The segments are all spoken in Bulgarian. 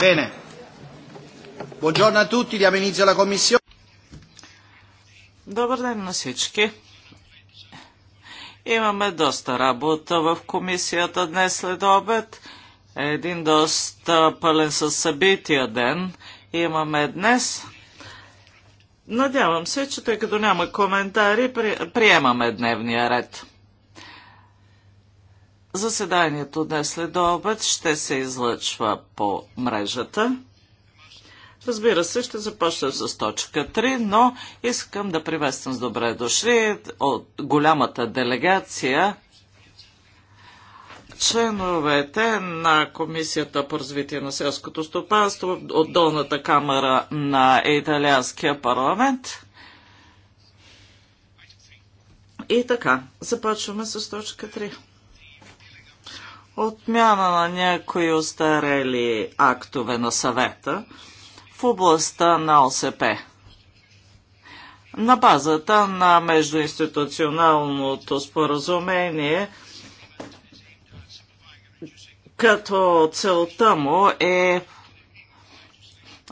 Bene. Buongiorno a tutti, diamo inizio alla commissione. Добър ден на всички. Имаме доста работа в комисията днес след обед. Един доста пълен със събития ден имаме днес. Надявам се, че тъй като няма коментари, приемаме дневния ред. Заседанието днес след обед ще се излъчва по мрежата. Разбира се, ще започнем с точка 3, но искам да приветствам с добре дошли от голямата делегация членовете на Комисията по развитие на селското стопанство от долната камера на Италианския парламент. И така, започваме с точка 3 отмяна на някои остарели актове на съвета в областта на ОСП. На базата на междуинституционалното споразумение, като целта му е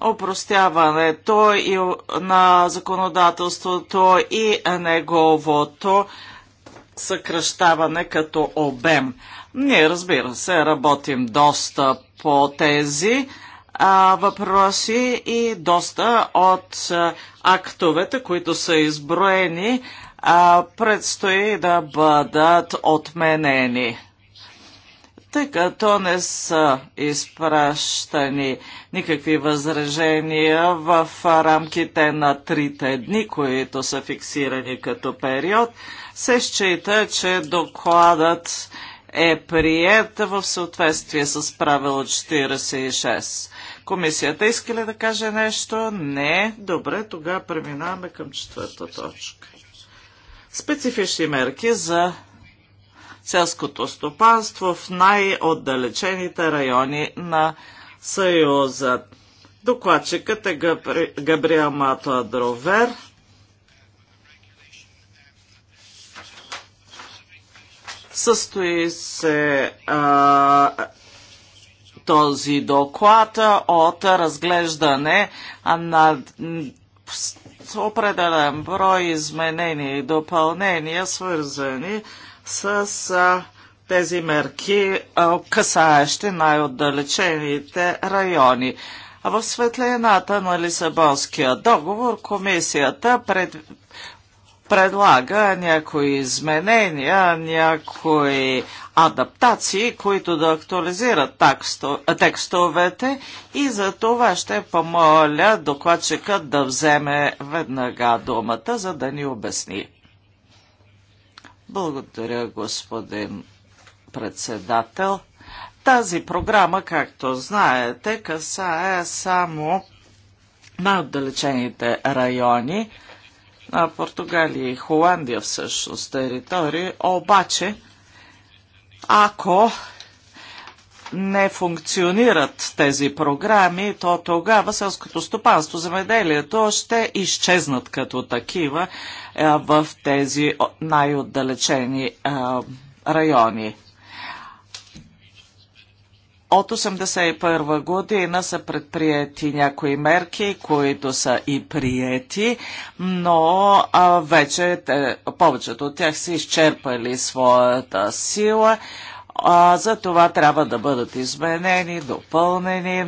опростяването и на законодателството и неговото съкръщаване като обем. Ние, разбира се, работим доста по тези а, въпроси и доста от а, актовете, които са изброени, а, предстои да бъдат отменени. Тъй като не са изпращани никакви възражения в рамките на трите дни, които са фиксирани като период, се счита, че докладът е приета в съответствие с правило 46. Комисията иска ли да каже нещо? Не. Добре, тогава преминаваме към четвърта точка. Специфични мерки за селското стопанство в най-отдалечените райони на Съюза. Докладчикът е Габри... Габриел Мато Адровер. Състои се а, този доклад от разглеждане на определен брой изменения и допълнения, свързани с а, тези мерки, а, касаещи най-отдалечените райони. В светлината на Лисабонския договор комисията пред, предлага някои изменения, някои адаптации, които да актуализират текстовете и за това ще помоля докладчикът да вземе веднага думата, за да ни обясни. Благодаря, господин председател. Тази програма, както знаете, касае само най-отдалечените райони – на Португалия и Холандия всъщност територии, обаче ако не функционират тези програми, то тогава селското стопанство, земеделието ще изчезнат като такива в тези най-отдалечени райони. От 1981 година са предприяти някои мерки, които са и приети, но а, вече те, повечето от тях са изчерпали своята сила. А, за това трябва да бъдат изменени, допълнени, е,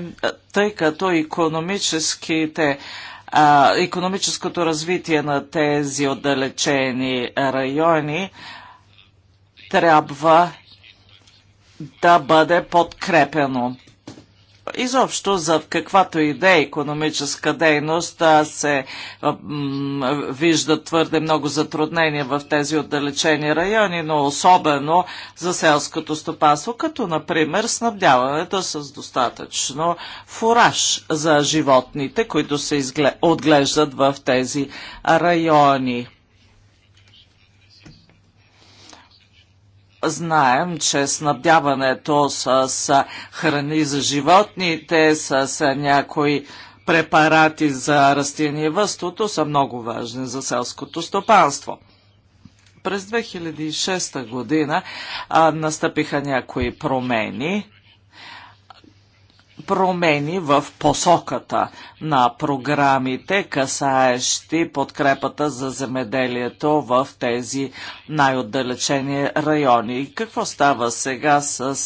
тъй като економическите економическото развитие на тези отдалечени райони трябва да бъде подкрепено. Изобщо за каквато и да е економическа дейност се виждат твърде много затруднения в тези отдалечени райони, но особено за селското стопанство, като например снабдяването с достатъчно фураж за животните, които се отглеждат в тези райони. знаем, че снабдяването с, храни за животните, с, с някои препарати за растение растениевъдството са много важни за селското стопанство. През 2006 година а, настъпиха някои промени – промени в посоката на програмите, касаещи подкрепата за земеделието в тези най-отдалечени райони. И какво става сега с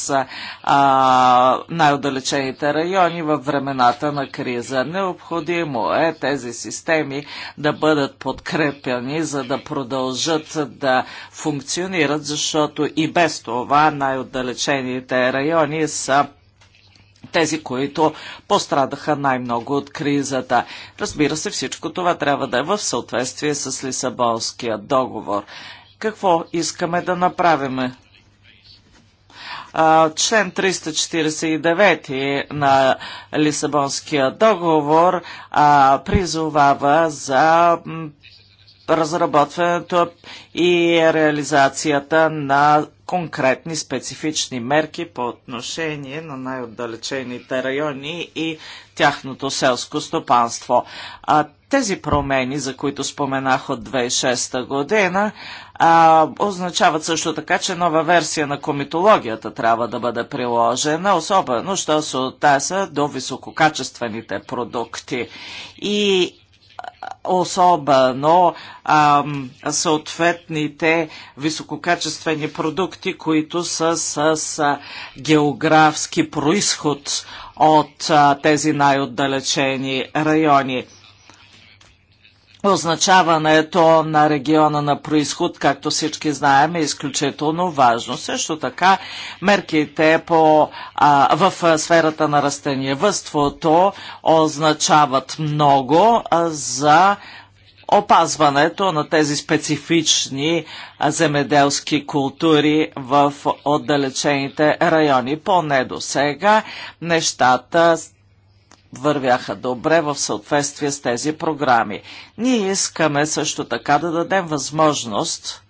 най-отдалечените райони в времената на криза? Необходимо е тези системи да бъдат подкрепени, за да продължат да функционират, защото и без това най-отдалечените райони са тези, които пострадаха най-много от кризата. Разбира се, всичко това трябва да е в съответствие с Лисабонския договор. Какво искаме да направим? член 349 на Лисабонския договор призовава за разработването и реализацията на конкретни специфични мерки по отношение на най-отдалечените райони и тяхното селско стопанство. А, тези промени, за които споменах от 2006 година, а, означават също така, че нова версия на комитологията трябва да бъде приложена, особено що се отнася до висококачествените продукти. И особено ам, съответните висококачествени продукти, които са с, с географски происход от а, тези най-отдалечени райони. Означаването на региона на происход, както всички знаем, е изключително важно. Също така мерките по, а, в сферата на растениевътството означават много а, за опазването на тези специфични земеделски култури в отдалечените райони. Поне до сега нещата вървяха добре в съответствие с тези програми. Ние искаме също така да дадем възможност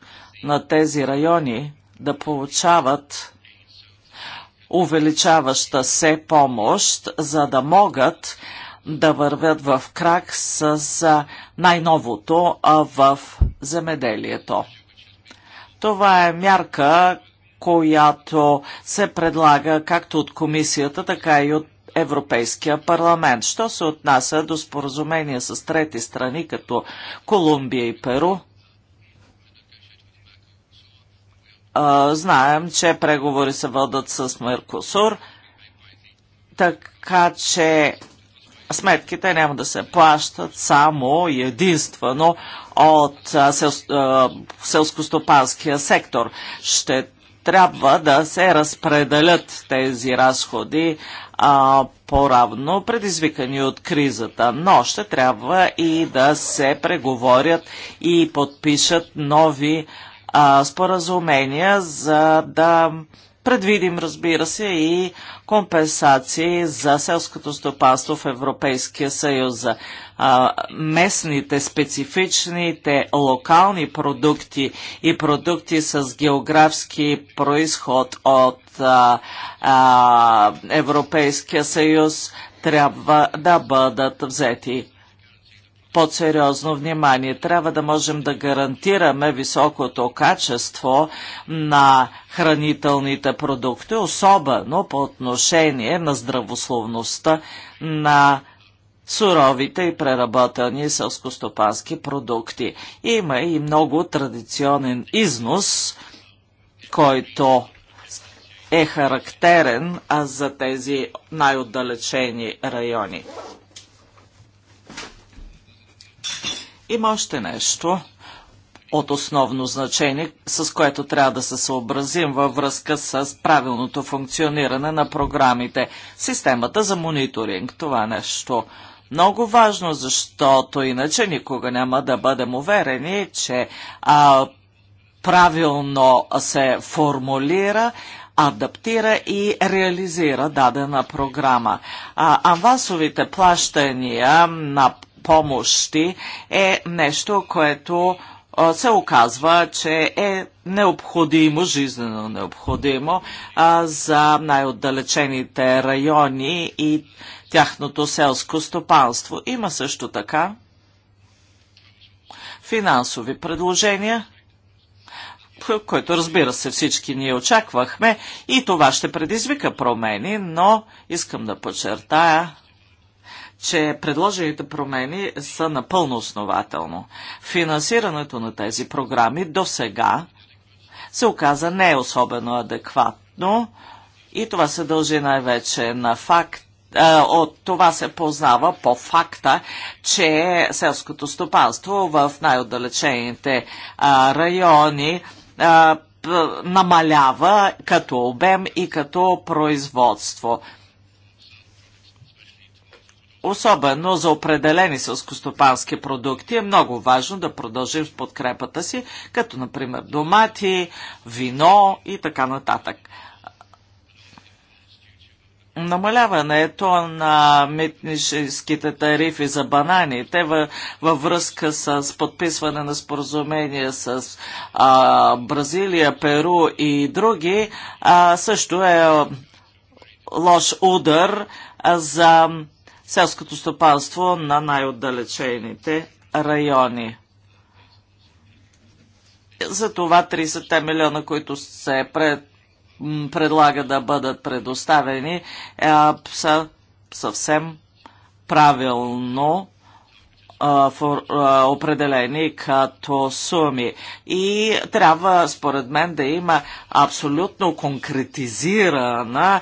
на тези райони да получават увеличаваща се помощ, за да могат да вървят в крак с най-новото в земеделието. Това е мярка, която се предлага както от комисията, така и от Европейския парламент. Що се отнася до споразумения с трети страни, като Колумбия и Перу, знаем, че преговори се водят с Меркосур, така че сметките няма да се плащат само и единствено от сел, селскостопанския сектор. Ще трябва да се разпределят тези разходи а, по-равно, предизвикани от кризата. Но ще трябва и да се преговорят и подпишат нови а, споразумения, за да предвидим, разбира се, и компенсации за селското стопанство в Европейския съюз местните, специфичните, локални продукти и продукти с географски происход от а, а, Европейския съюз трябва да бъдат взети под сериозно внимание. Трябва да можем да гарантираме високото качество на хранителните продукти, особено по отношение на здравословността на суровите и преработени селскостопански продукти. Има и много традиционен износ, който е характерен а за тези най-отдалечени райони. Има още нещо от основно значение, с което трябва да се съобразим във връзка с правилното функциониране на програмите. Системата за мониторинг, това нещо много важно, защото иначе никога няма да бъдем уверени, че а, правилно се формулира адаптира и реализира дадена програма. А, авансовите плащания на помощи е нещо, което се оказва, че е необходимо, жизнено необходимо а, за най-отдалечените райони и тяхното селско стопанство. Има също така финансови предложения, които разбира се всички ние очаквахме и това ще предизвика промени, но искам да подчертая, че предложените промени са напълно основателно. Финансирането на тези програми до сега се оказа не особено адекватно и това се дължи най-вече на факт, е, от това се познава по факта, че селското стопанство в най-отдалечените е, райони е, намалява като обем и като производство. Особено за определени селскостопански продукти е много важно да продължим с подкрепата си, като например домати, вино и така нататък намаляването на митническите тарифи за бананите във връзка с подписване на споразумение с а, Бразилия, Перу и други, а, също е лош удар за селското стопанство на най-отдалечените райони. За това 30 милиона, които се пред предлага да бъдат предоставени, е, са съвсем правилно определени като суми. И трябва, според мен, да има абсолютно конкретизирана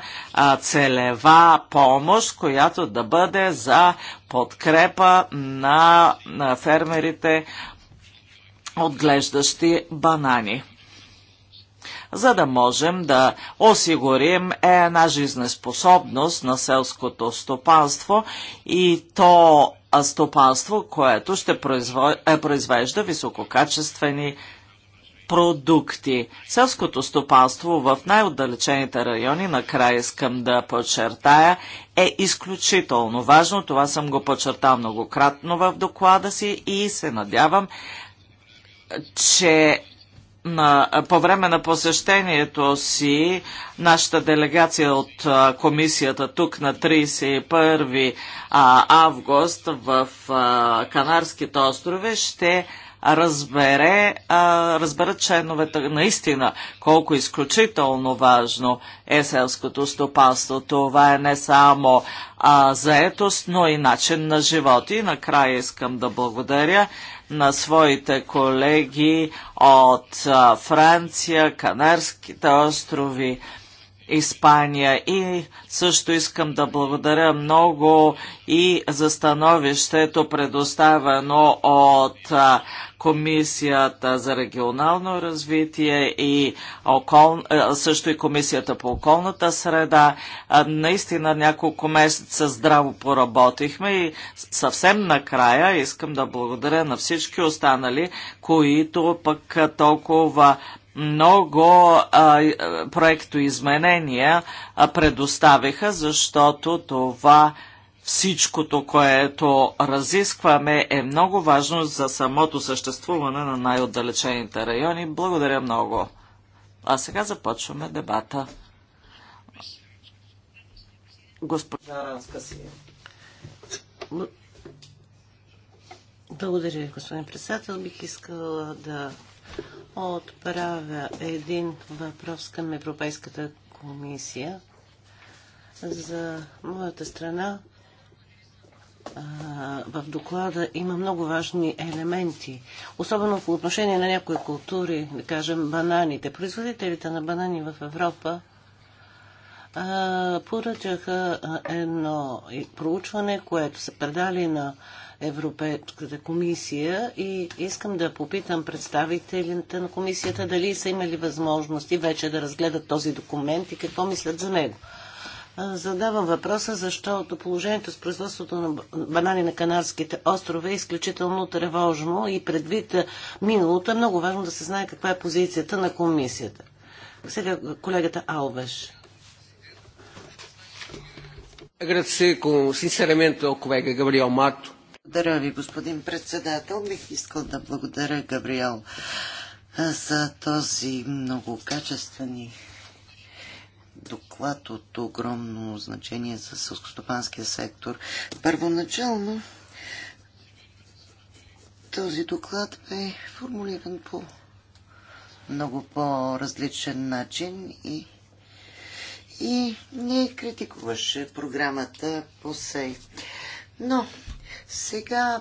целева помощ, която да бъде за подкрепа на фермерите, отглеждащи банани за да можем да осигурим една жизнеспособност на селското стопанство и то стопанство, което ще е, произвежда висококачествени продукти. Селското стопанство в най-отдалечените райони, накрая искам да подчертая, е изключително важно. Това съм го подчертал многократно в доклада си и се надявам, че на, по време на посещението си нашата делегация от комисията тук на 31 август в Канарските острови ще разбере, разберат членовете наистина колко изключително важно е селското стопанство. Това е не само заетост, но и начин на живот. И накрая искам да благодаря на своите колеги от Франция, Канарските острови, Испания. И също искам да благодаря много и за становището предоставено от Комисията за регионално развитие и окол... също и Комисията по околната среда. Наистина няколко месеца здраво поработихме и съвсем накрая искам да благодаря на всички останали, които пък толкова много а, проектоизменения предоставиха, защото това всичкото, което разискваме, е много важно за самото съществуване на най-отдалечените райони. Благодаря много. А сега започваме дебата. Госпожа Ранска си. Е. Благодаря, господин председател. Бих искала да отправя един въпрос към Европейската комисия за моята страна. В доклада има много важни елементи, особено по отношение на някои култури, да кажем бананите. Производителите на банани в Европа поръчаха едно проучване, което са предали на Европейската комисия и искам да попитам представителите на комисията дали са имали възможности вече да разгледат този документ и какво мислят за него. Задавам въпроса, защото положението с производството на банани на Канарските острови е изключително тревожно и предвид миналото е много важно да се знае каква е позицията на комисията. Сега колегата Албеш. Agradecer com, sinceramente ao colega Gabriel Mato благодаря ви, господин председател. Бих искал да благодаря Габриел за този много качествен доклад от огромно значение за сълскостопанския сектор. Първоначално този доклад бе формулиран по много по-различен начин и, и не критикуваше програмата по сей. Но сега,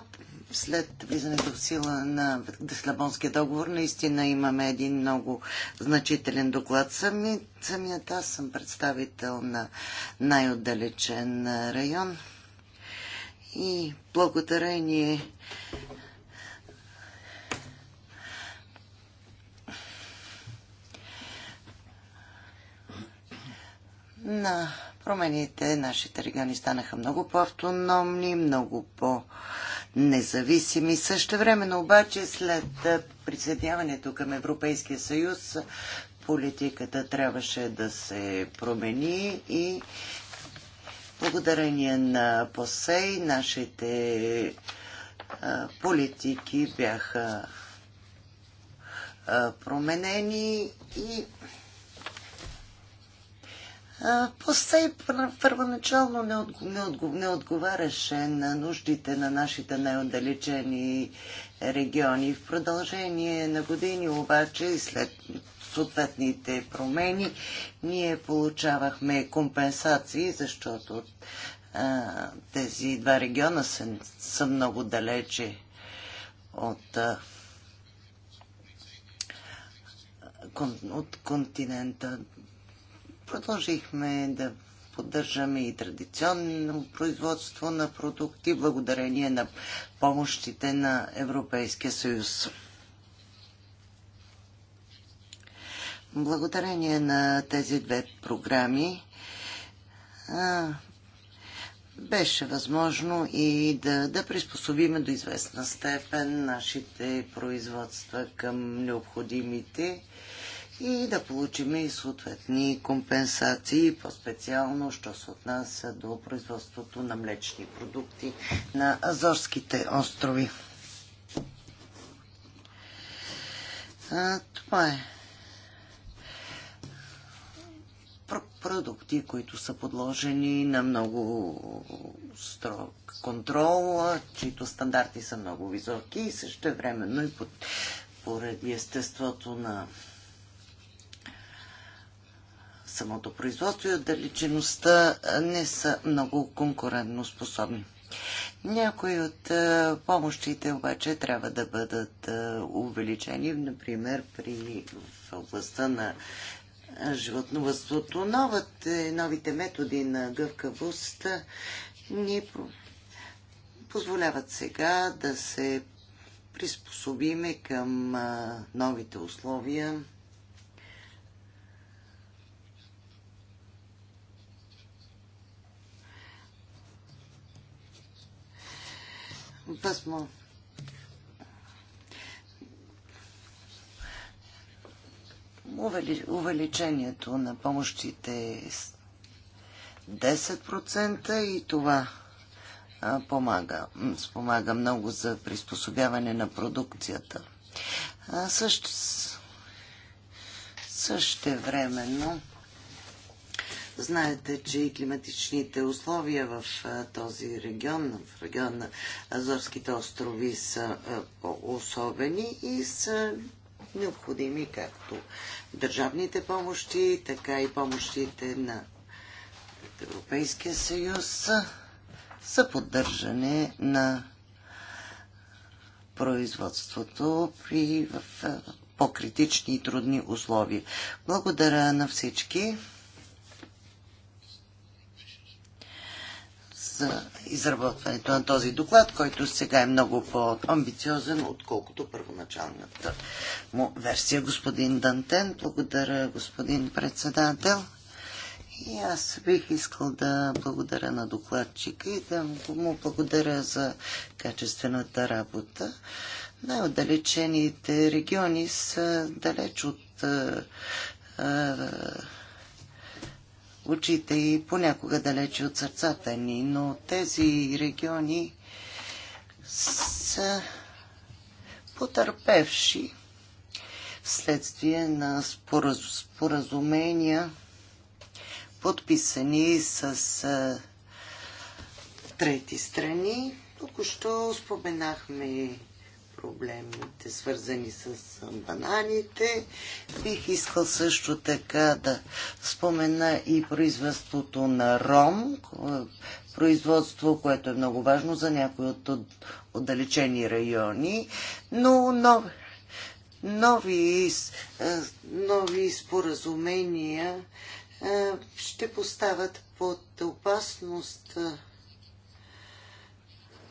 след влизането в сила на Деслабонския договор, наистина имаме един много значителен доклад. Сами, самият аз съм представител на най-отдалечен район и благодарение на промените. Нашите региони станаха много по-автономни, много по-независими. Също времено обаче след присъединяването към Европейския съюз политиката трябваше да се промени и благодарение на ПОСЕЙ нашите политики бяха променени и Посей първоначално не, отго, не, отго, не отговаряше на нуждите на нашите най-отдалечени региони. В продължение на години обаче и след съответните промени ние получавахме компенсации, защото а, тези два региона са, са много далече от, а, кон, от континента Продължихме да поддържаме и традиционно производство на продукти благодарение на помощите на Европейския съюз. Благодарение на тези две програми а, беше възможно и да, да приспособиме до известна степен нашите производства към необходимите и да получим и съответни компенсации, по-специално, що се отнася до производството на млечни продукти на Азорските острови. А, това е. Продукти, които са подложени на много строг контрол, чието стандарти са много високи и също времено и поради естеството на самото производство и отдалечеността не са много конкурентно способни. Някои от помощите обаче трябва да бъдат увеличени, например при в областта на животновътството. Новите, новите методи на гъвкавост ни позволяват сега да се приспособиме към новите условия Възможно. увеличението на помощите е 10% и това помага, спомага много за приспособяване на продукцията. А също, също времено Знаете, че и климатичните условия в този регион, в регион на Азорските острови са особени и са необходими както държавните помощи, така и помощите на Европейския съюз за поддържане на производството при, в, по-критични и трудни условия. Благодаря на всички. за изработването на този доклад, който сега е много по-амбициозен, отколкото първоначалната му версия. Господин Дантен, благодаря, господин председател. И аз бих искал да благодаря на докладчика и да му благодаря за качествената работа. Най-отдалечените региони са далеч от е, е, очите и понякога далече от сърцата ни, но тези региони са потърпевши вследствие на споразумения, подписани с трети страни. Току-що споменахме проблемите, свързани с бананите. Бих искал също така да спомена и производството на ром, производство, което е много важно за някои от отдалечени райони, но нови, нови, нови споразумения ще поставят под опасност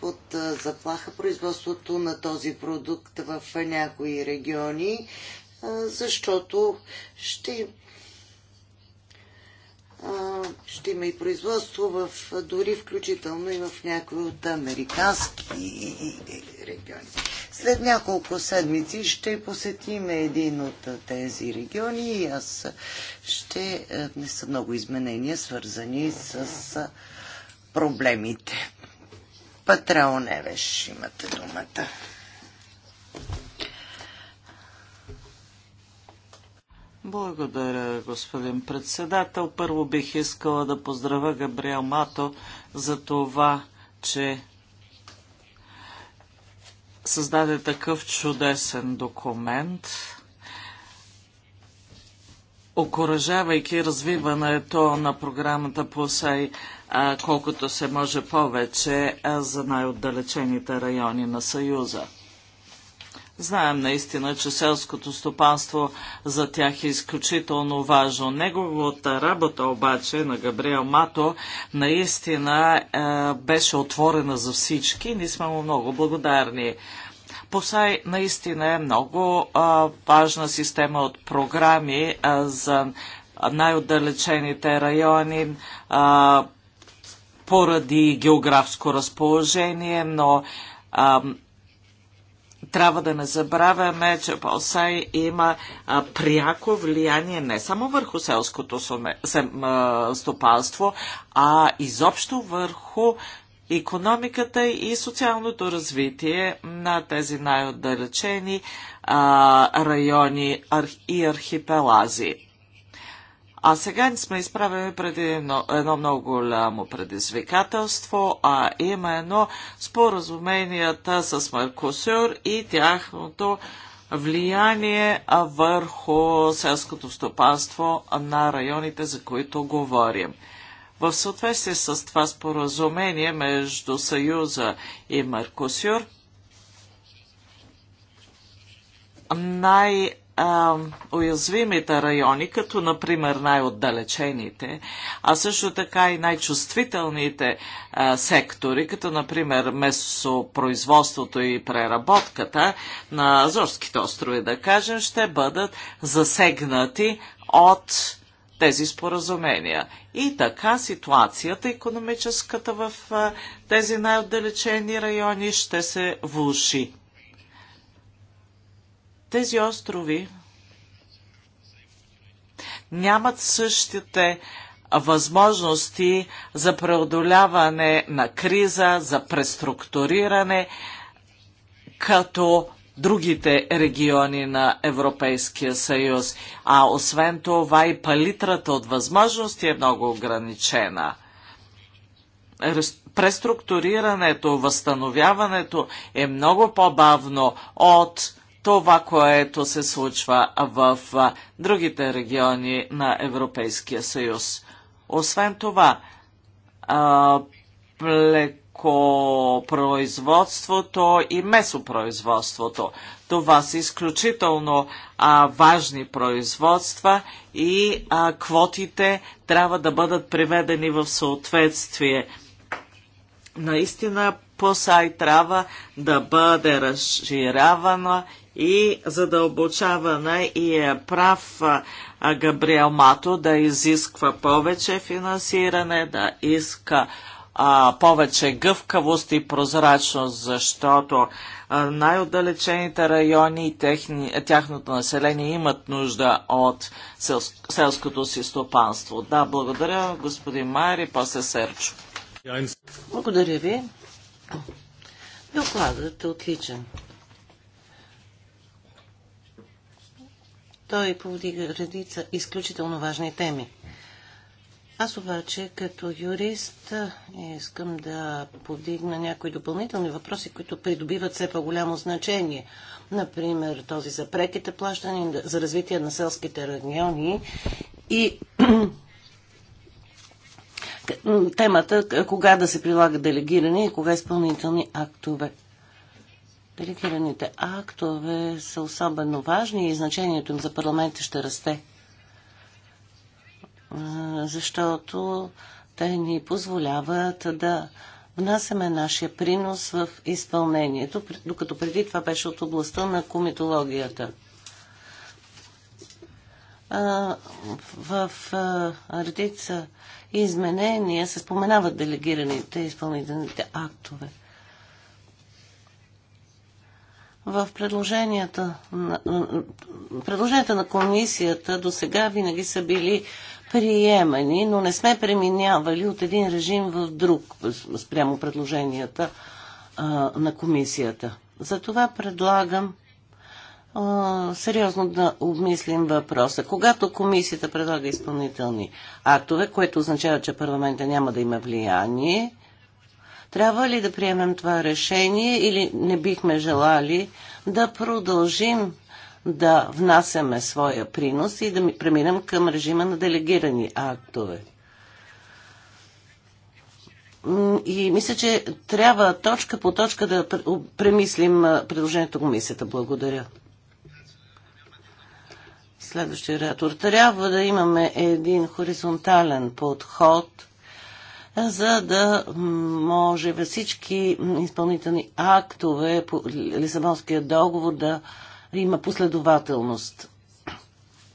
под заплаха производството на този продукт в някои региони, защото ще, ще има и производство в, дори включително и в някои от американски региони. След няколко седмици ще посетим един от тези региони и аз ще внеса много изменения, свързани с проблемите. Патрал имате думата. Благодаря, господин председател. Първо бих искала да поздравя Габриел Мато за това, че създаде такъв чудесен документ окоръжавайки развиването на програмата ПОСАЙ колкото се може повече за най-отдалечените райони на Съюза. Знаем наистина, че селското стопанство за тях е изключително важно. Неговата работа обаче на Габриел Мато наистина беше отворена за всички. Ние сме му много благодарни. ПОСАЙ наистина е много а, важна система от програми а, за най-отдалечените райони а, поради географско разположение, но а, трябва да не забравяме, че Болсай има а, пряко влияние не само върху селското стопанство, а изобщо върху економиката и социалното развитие на тези най-отдалечени райони и архипелази. А сега ни сме изправени пред едно, едно много голямо предизвикателство, а именно споразуменията с Маркосюр и тяхното влияние върху селското стопанство на районите, за които говорим. В съответствие с това споразумение между Съюза и Маркосюр най- уязвимите райони, като например най-отдалечените, а също така и най-чувствителните сектори, като например месопроизводството и преработката на Азорските острови, да кажем, ще бъдат засегнати от тези споразумения. И така ситуацията економическата в тези най-отдалечени райони ще се влуши. Тези острови нямат същите възможности за преодоляване на криза, за преструктуриране, като другите региони на Европейския съюз. А освен това и палитрата от възможности е много ограничена. Преструктурирането, възстановяването е много по-бавно от това, което се случва в другите региони на Европейския съюз. Освен това, плек производството и месопроизводството. Това са изключително а, важни производства и а, квотите трябва да бъдат приведени в съответствие. Наистина ПОСАЙ трябва да бъде разширявана и задълбочавана и е прав а, Габриел Мато да изисква повече финансиране, да иска а, повече гъвкавост и прозрачност, защото най-отдалечените райони и техни, тяхното население имат нужда от сел, селското си стопанство. Да, благодаря господин Майер и после Серчо. Благодаря ви. Докладът е отличен. Той повдига редица изключително важни теми. Аз обаче като юрист е, искам да повдигна някои допълнителни въпроси, които придобиват все по-голямо значение. Например, този за преките плащания, за развитие на селските региони и темата кога да се прилага делегиране и кога изпълнителни актове. Делегираните актове са особено важни и значението им за парламента ще расте защото те ни позволяват да внасяме нашия принос в изпълнението, докато преди това беше от областта на комитологията. В редица изменения се споменават делегираните изпълнителните актове. В предложенията на, предложенията на комисията до сега винаги са били приемани, но не сме преминявали от един режим в друг, спрямо предложенията а, на комисията. Затова предлагам а, сериозно да обмислим въпроса. Когато комисията предлага изпълнителни актове, което означава, че парламента няма да има влияние, трябва ли да приемем това решение или не бихме желали да продължим да внасяме своя принос и да преминем към режима на делегирани актове. И мисля, че трябва точка по точка да премислим предложението комисията. Благодаря. Следващия реатор. Трябва да имаме един хоризонтален подход – за да може във всички изпълнителни актове по Лисабонския договор да има последователност.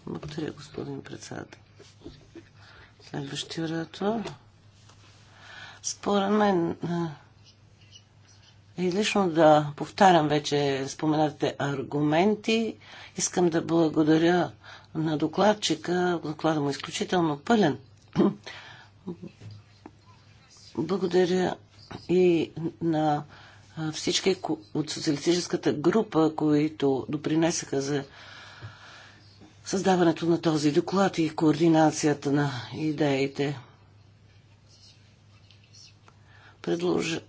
Благодаря, господин председател. Следващия оратор. Според мен е излишно е да повтарям вече споменатите аргументи. Искам да благодаря на докладчика. Доклада му е изключително пълен. Благодаря и на всички от социалистическата група, които допринесаха за създаването на този доклад и координацията на идеите. Предложа...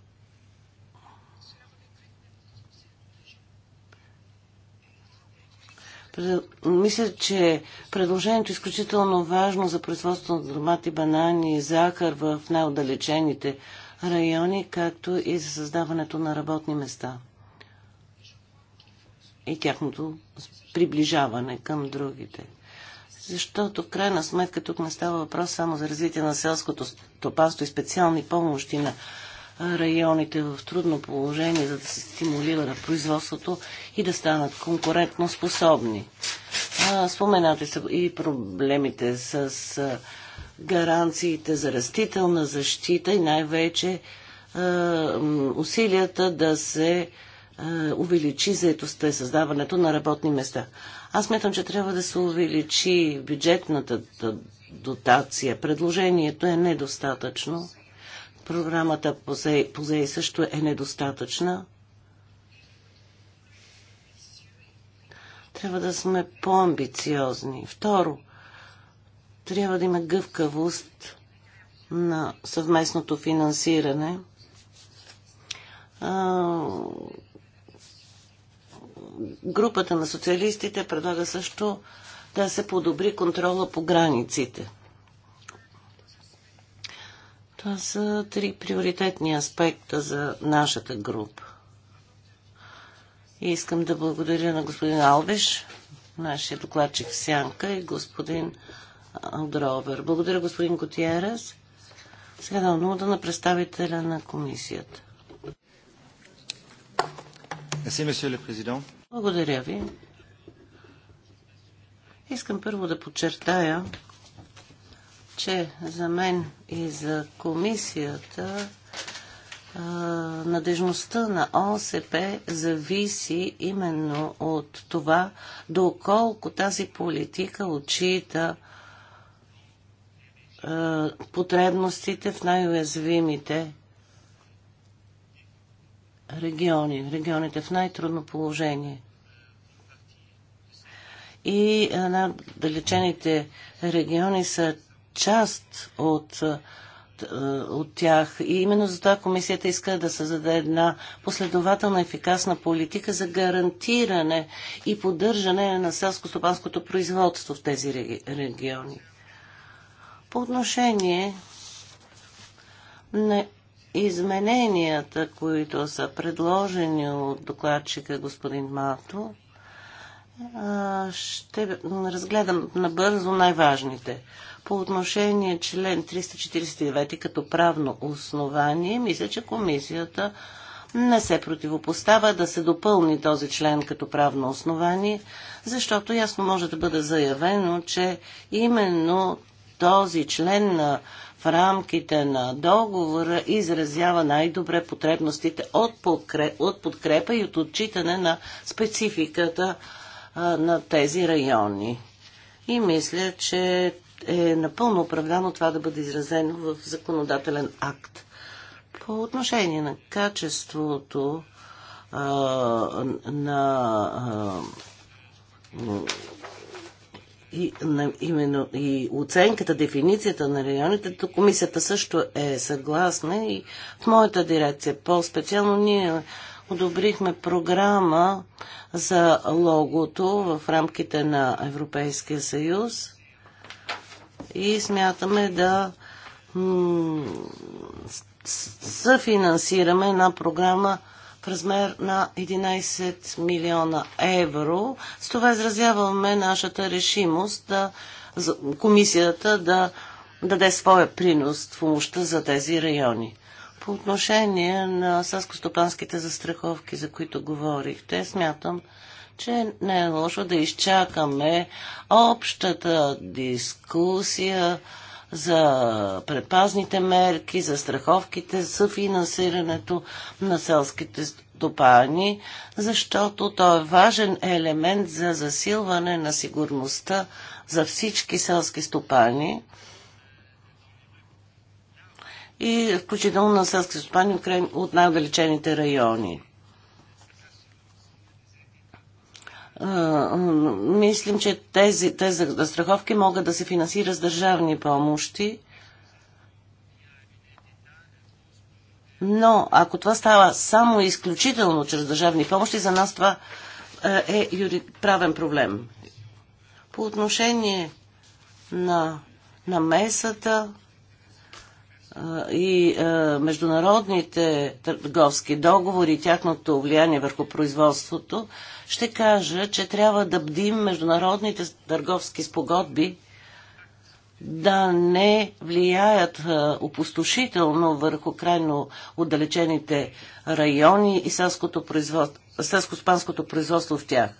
Мисля, че предложението е изключително важно за производството на домати, банани и захар в най-отдалечените райони, както и за създаването на работни места и тяхното приближаване към другите. Защото в крайна сметка тук не става въпрос само за развитие на селското стопанство и специални помощи на районите в трудно положение, за да се стимулира производството и да станат конкурентно способни. Споменате са и проблемите с гаранциите за растителна защита и най-вече е, усилията да се е, увеличи заедостта и създаването на работни места. Аз мятам, че трябва да се увеличи бюджетната дотация. Предложението е недостатъчно. Програмата по ЗЕИ също е недостатъчна. Трябва да сме по-амбициозни. Второ, трябва да има гъвкавост на съвместното финансиране. А, групата на социалистите предлага също да се подобри контрола по границите. Това са три приоритетни аспекта за нашата група. И искам да благодаря на господин Алвиш, нашия докладчик в Сянка и господин Алдровер. Благодаря, господин Готиерес. Сега много да на представителя на комисията. Благодаря ви. Искам първо да подчертая, че за мен и за комисията надежността на ОСП зависи именно от това, доколко тази политика отчита потребностите в най-уязвимите региони, регионите в най-трудно положение. И най-далечените региони са част от, от тях. И именно за това комисията иска да създаде една последователна ефикасна политика за гарантиране и поддържане на селско-стопанското производство в тези региони. По отношение на измененията, които са предложени от докладчика господин Мато, ще разгледам набързо най-важните. По отношение член 349 като правно основание, мисля, че комисията не се противопостава да се допълни този член като правно основание, защото ясно може да бъде заявено, че именно този член на, в рамките на договора изразява най-добре потребностите от, подкреп, от подкрепа и от отчитане на спецификата а, на тези райони. И мисля, че е напълно оправдано това да бъде изразено в законодателен акт. По отношение на качеството а, на а, и, на, именно, и оценката, дефиницията на районите, то комисията също е съгласна и в моята дирекция по-специално ние одобрихме програма за логото в рамките на Европейския съюз и смятаме да съфинансираме една програма размер на 11 милиона евро. С това изразяваме нашата решимост да, комисията да даде своя принос в помощта за тези райони. По отношение на съскостопанските застраховки, за които говорихте, смятам, че не е лошо да изчакаме общата дискусия за предпазните мерки, за страховките, за финансирането на селските стопани, защото той е важен елемент за засилване на сигурността за всички селски стопани и включително на селски стопани от най удалечените райони. мислим, че тези, тези застраховки могат да се финансират с държавни помощи. Но ако това става само изключително чрез държавни помощи, за нас това е, е юри... правен проблем. По отношение на намесата, и международните търговски договори, и тяхното влияние върху производството, ще кажа, че трябва да бдим международните търговски спогодби да не влияят опустошително върху крайно отдалечените райони и селско-спанското производство в тях.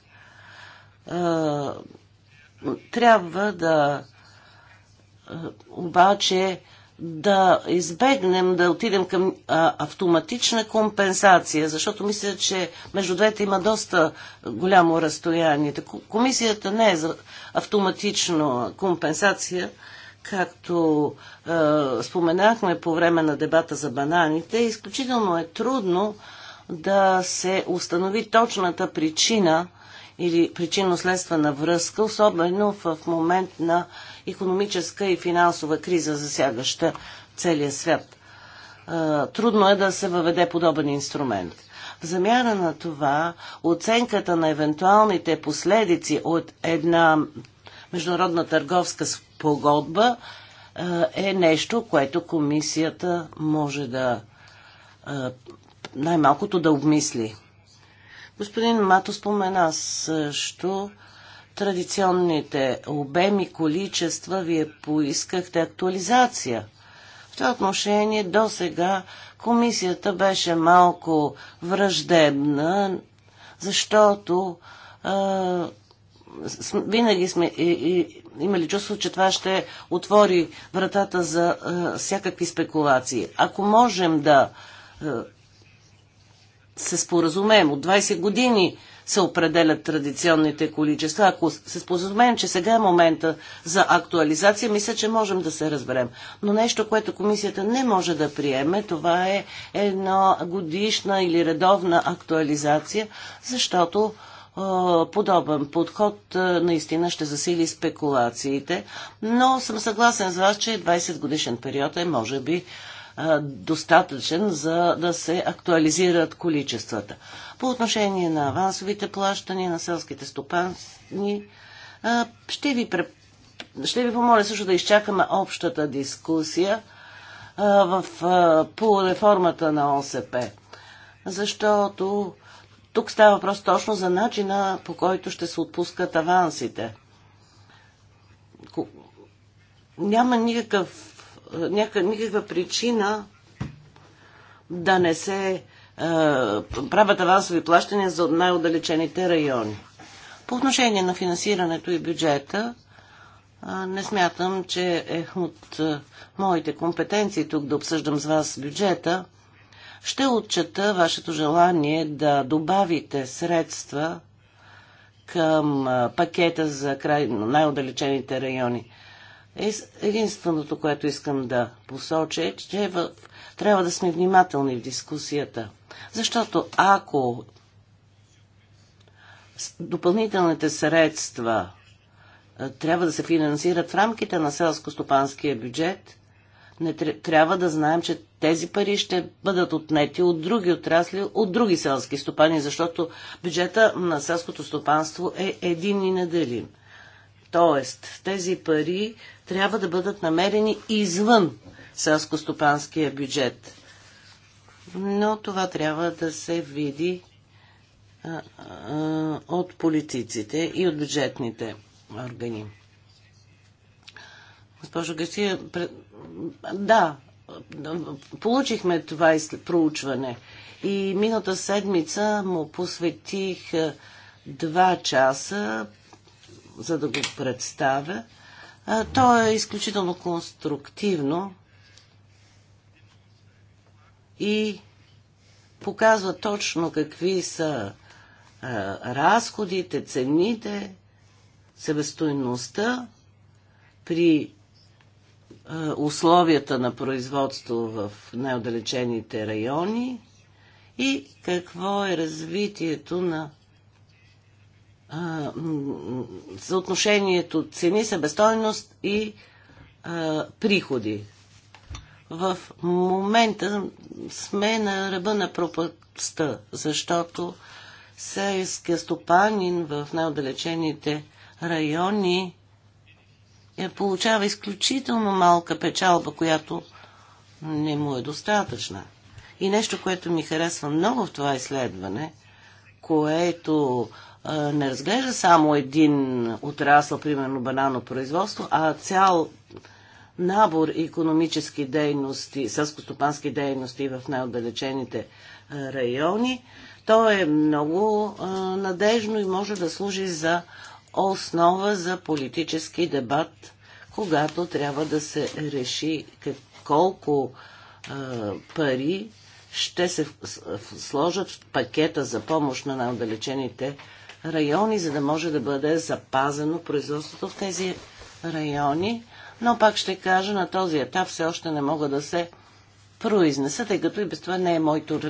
Трябва да обаче да избегнем да отидем към а, автоматична компенсация, защото мисля, че между двете има доста голямо разстояние. Комисията не е за автоматична компенсация, както а, споменахме по време на дебата за бананите. Изключително е трудно да се установи точната причина или причинно-следствена връзка, особено в момент на економическа и финансова криза, засягаща целия свят. Трудно е да се въведе подобен инструмент. В замяна на това, оценката на евентуалните последици от една международна търговска погодба е нещо, което комисията може да най-малкото да обмисли. Господин Мато спомена също традиционните обеми, количества. Вие поискахте актуализация. В това отношение до сега комисията беше малко враждебна, защото а, винаги сме и, и, имали чувство, че това ще отвори вратата за а, всякакви спекулации. Ако можем да се споразумеем. От 20 години се определят традиционните количества. Ако се споразумеем, че сега е момента за актуализация, мисля, че можем да се разберем. Но нещо, което комисията не може да приеме, това е една годишна или редовна актуализация, защото подобен подход наистина ще засили спекулациите, но съм съгласен с вас, че 20 годишен период е може би достатъчен, за да се актуализират количествата. По отношение на авансовите плащания на селските стопани, ще ви, преп... ще ви помоля също да изчакаме общата дискусия в... по реформата на ОСП. Защото тук става въпрос точно за начина по който ще се отпускат авансите. Няма никакъв Няка никаква причина да не се е, правят авансови плащания за най-отдалечените райони. По отношение на финансирането и бюджета, не смятам, че е от е, моите компетенции тук да обсъждам с вас бюджета. Ще отчета вашето желание да добавите средства към пакета за край, най-отдалечените райони. Единственото, което искам да посоча е, че е в... трябва да сме внимателни в дискусията. Защото ако допълнителните средства е, трябва да се финансират в рамките на селско-стопанския бюджет, не трябва да знаем, че тези пари ще бъдат отнети от други отрасли, от други селски стопани, защото бюджета на селското стопанство е един и неделим. Тоест, тези пари трябва да бъдат намерени извън селско-стопанския бюджет. Но това трябва да се види а, а, от политиците и от бюджетните органи. Госпожо Гасия, да, получихме това проучване и миналата седмица му посветих два часа, за да го представя. То е изключително конструктивно и показва точно какви са разходите, цените, себестойността при условията на производство в най-отдалечените райони и какво е развитието на а, съотношението цени, себестойност и а, приходи. В момента сме на ръба на пропастта, защото селския стопанин в най-отдалечените райони е, получава изключително малка печалба, която не му е достатъчна. И нещо, което ми харесва много в това изследване, което не разглежда само един отрасъл, примерно банано производство, а цял набор економически дейности, сълскостопански дейности в най-отдалечените райони. То е много надежно и може да служи за основа за политически дебат, когато трябва да се реши колко пари ще се сложат в пакета за помощ на най-отдалечените райони райони, за да може да бъде запазено производството в тези райони. Но пак ще кажа, на този етап все още не мога да се произнеса, тъй като и без това не е моето...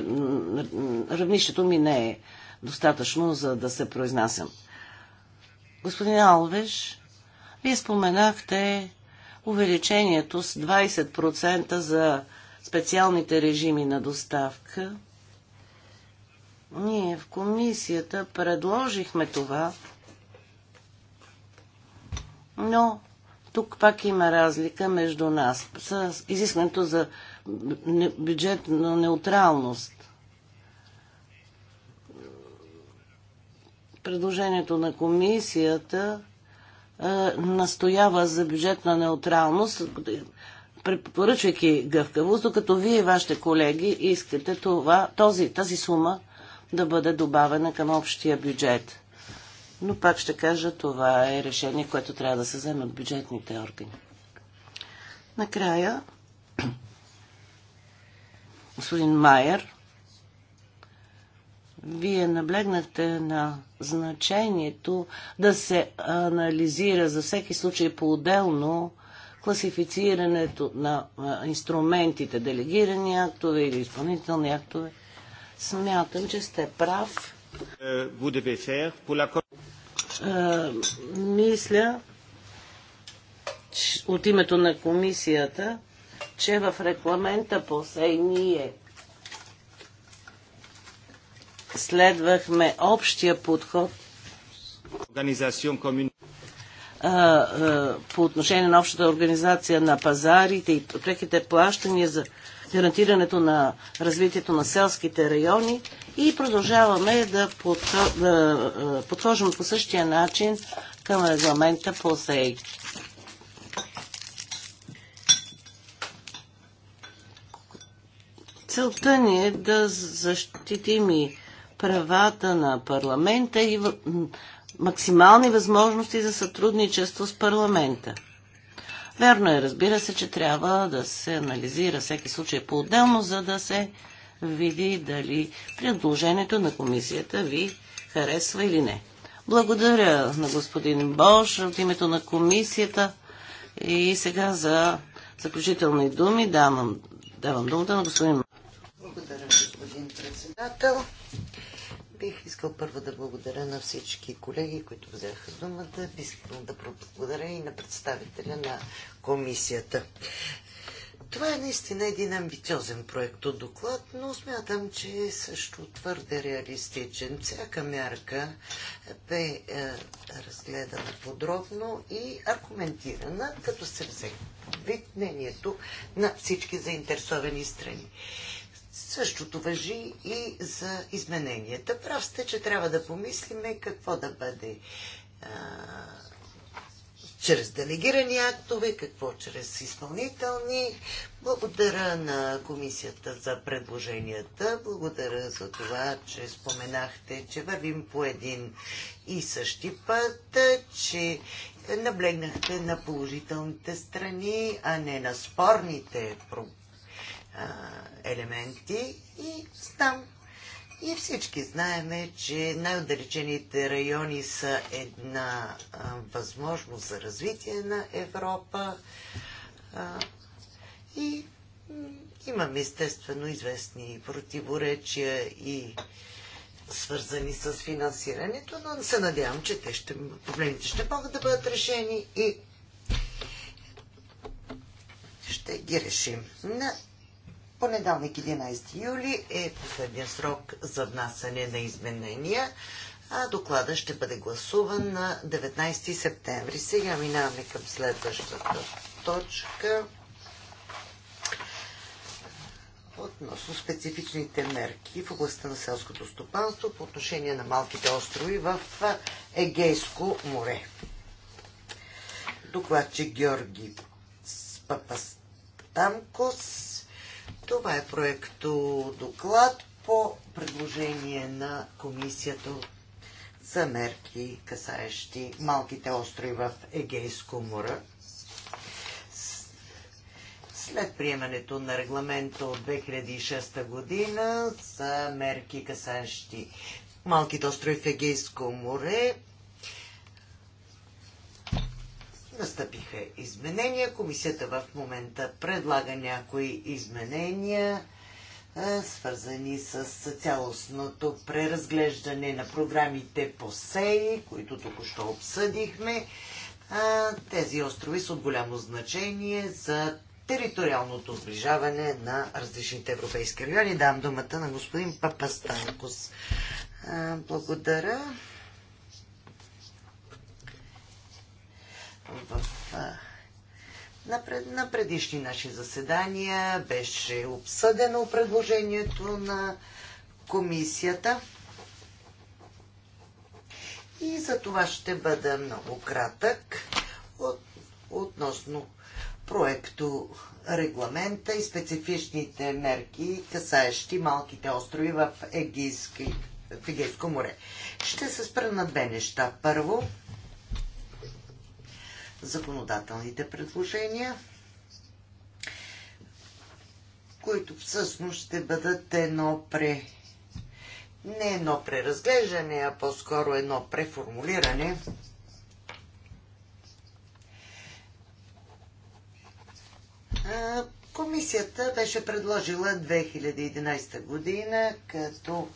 Равнището ми не е достатъчно, за да се произнасям. Господин Алвеш, вие споменахте увеличението с 20% за специалните режими на доставка – ние в комисията предложихме това, но тук пак има разлика между нас с изискването за бюджетна неутралност. Предложението на комисията е, настоява за бюджетна неутралност, препоръчвайки гъвкавост, докато вие и вашите колеги искате това, този, тази сума да бъде добавена към общия бюджет. Но пак ще кажа, това е решение, което трябва да се вземе от бюджетните органи. Накрая, господин Майер, вие наблегнахте на значението да се анализира за всеки случай по-отделно класифицирането на инструментите, делегирани актове или изпълнителни актове. Смятам, че сте прав. Е, мисля от името на комисията, че в регламента по сей ние следвахме общия подход по отношение на общата организация на пазарите и преките плащания за гарантирането на развитието на селските райони и продължаваме да, подхо... да по същия начин към регламента по СЕИ. Целта ни е да защитим и правата на парламента и максимални възможности за сътрудничество с парламента. Верно е, разбира се, че трябва да се анализира всеки случай по-отделно, за да се види дали предложението на комисията ви харесва или не. Благодаря на господин Бош от името на комисията и сега за заключителни думи давам, давам думата на господин Благодаря, господин председател. Бих искал първо да благодаря на всички колеги, които взеха думата. Бих искал да благодаря и на представителя на комисията. Това е наистина един амбициозен проект от доклад, но смятам, че е също твърде реалистичен. Всяка мярка бе е, разгледана подробно и аргументирана, като се взе вид мнението на всички заинтересовани страни. Същото въжи и за измененията. Прав сте, че трябва да помислиме какво да бъде а, чрез делегирани актове, какво чрез изпълнителни. Благодаря на комисията за предложенията. Благодаря за това, че споменахте, че вървим по един и същи път, че наблегнахте на положителните страни, а не на спорните проблеми а, елементи и знам. и всички знаеме, че най-отдалечените райони са една а, възможност за развитие на Европа а, и имаме естествено известни противоречия и свързани с финансирането, но се надявам, че те ще, проблемите ще могат да бъдат решени и ще ги решим. На Понеделник 11 юли е последния срок за внасяне на изменения, а доклада ще бъде гласуван на 19 септември. Сега минаваме към следващата точка относно специфичните мерки в областта на селското стопанство по отношение на малките острови в Егейско море. Докладчик Георги Папастамкос това е проекто доклад по предложение на комисията за мерки, касаещи малките острови в Егейско море. След приемането на регламента от 2006 година за мерки, касаещи малките острови в Егейско море, Настъпиха изменения. Комисията в момента предлага някои изменения, свързани с цялостното преразглеждане на програмите по СЕИ, които току-що обсъдихме. Тези острови са от голямо значение за териториалното сближаване на различните европейски райони. Дам думата на господин Папастанкос. Благодаря. в, на, пред, на предишни наши заседания беше обсъдено предложението на комисията. И за това ще бъда много кратък от, относно проекто регламента и специфичните мерки, касаещи малките острови в Егийски, в Егейско море. Ще се спра на две неща. Първо, законодателните предложения, които всъщност ще бъдат едно пре... не едно преразглеждане, а по-скоро едно преформулиране Комисията беше предложила 2011 година като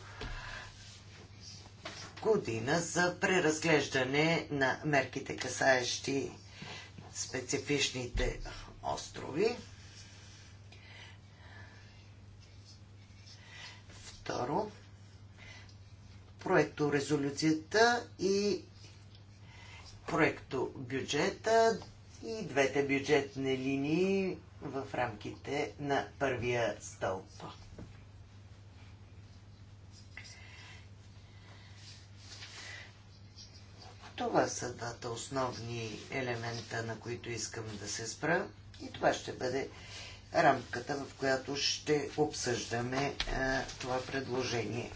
година за преразглеждане на мерките касаещи специфичните острови. Второ, проекто резолюцията и проекто бюджета и двете бюджетни линии в рамките на първия стълб. Това са двата основни елемента, на които искам да се спра и това ще бъде рамката, в която ще обсъждаме а, е, това предложение.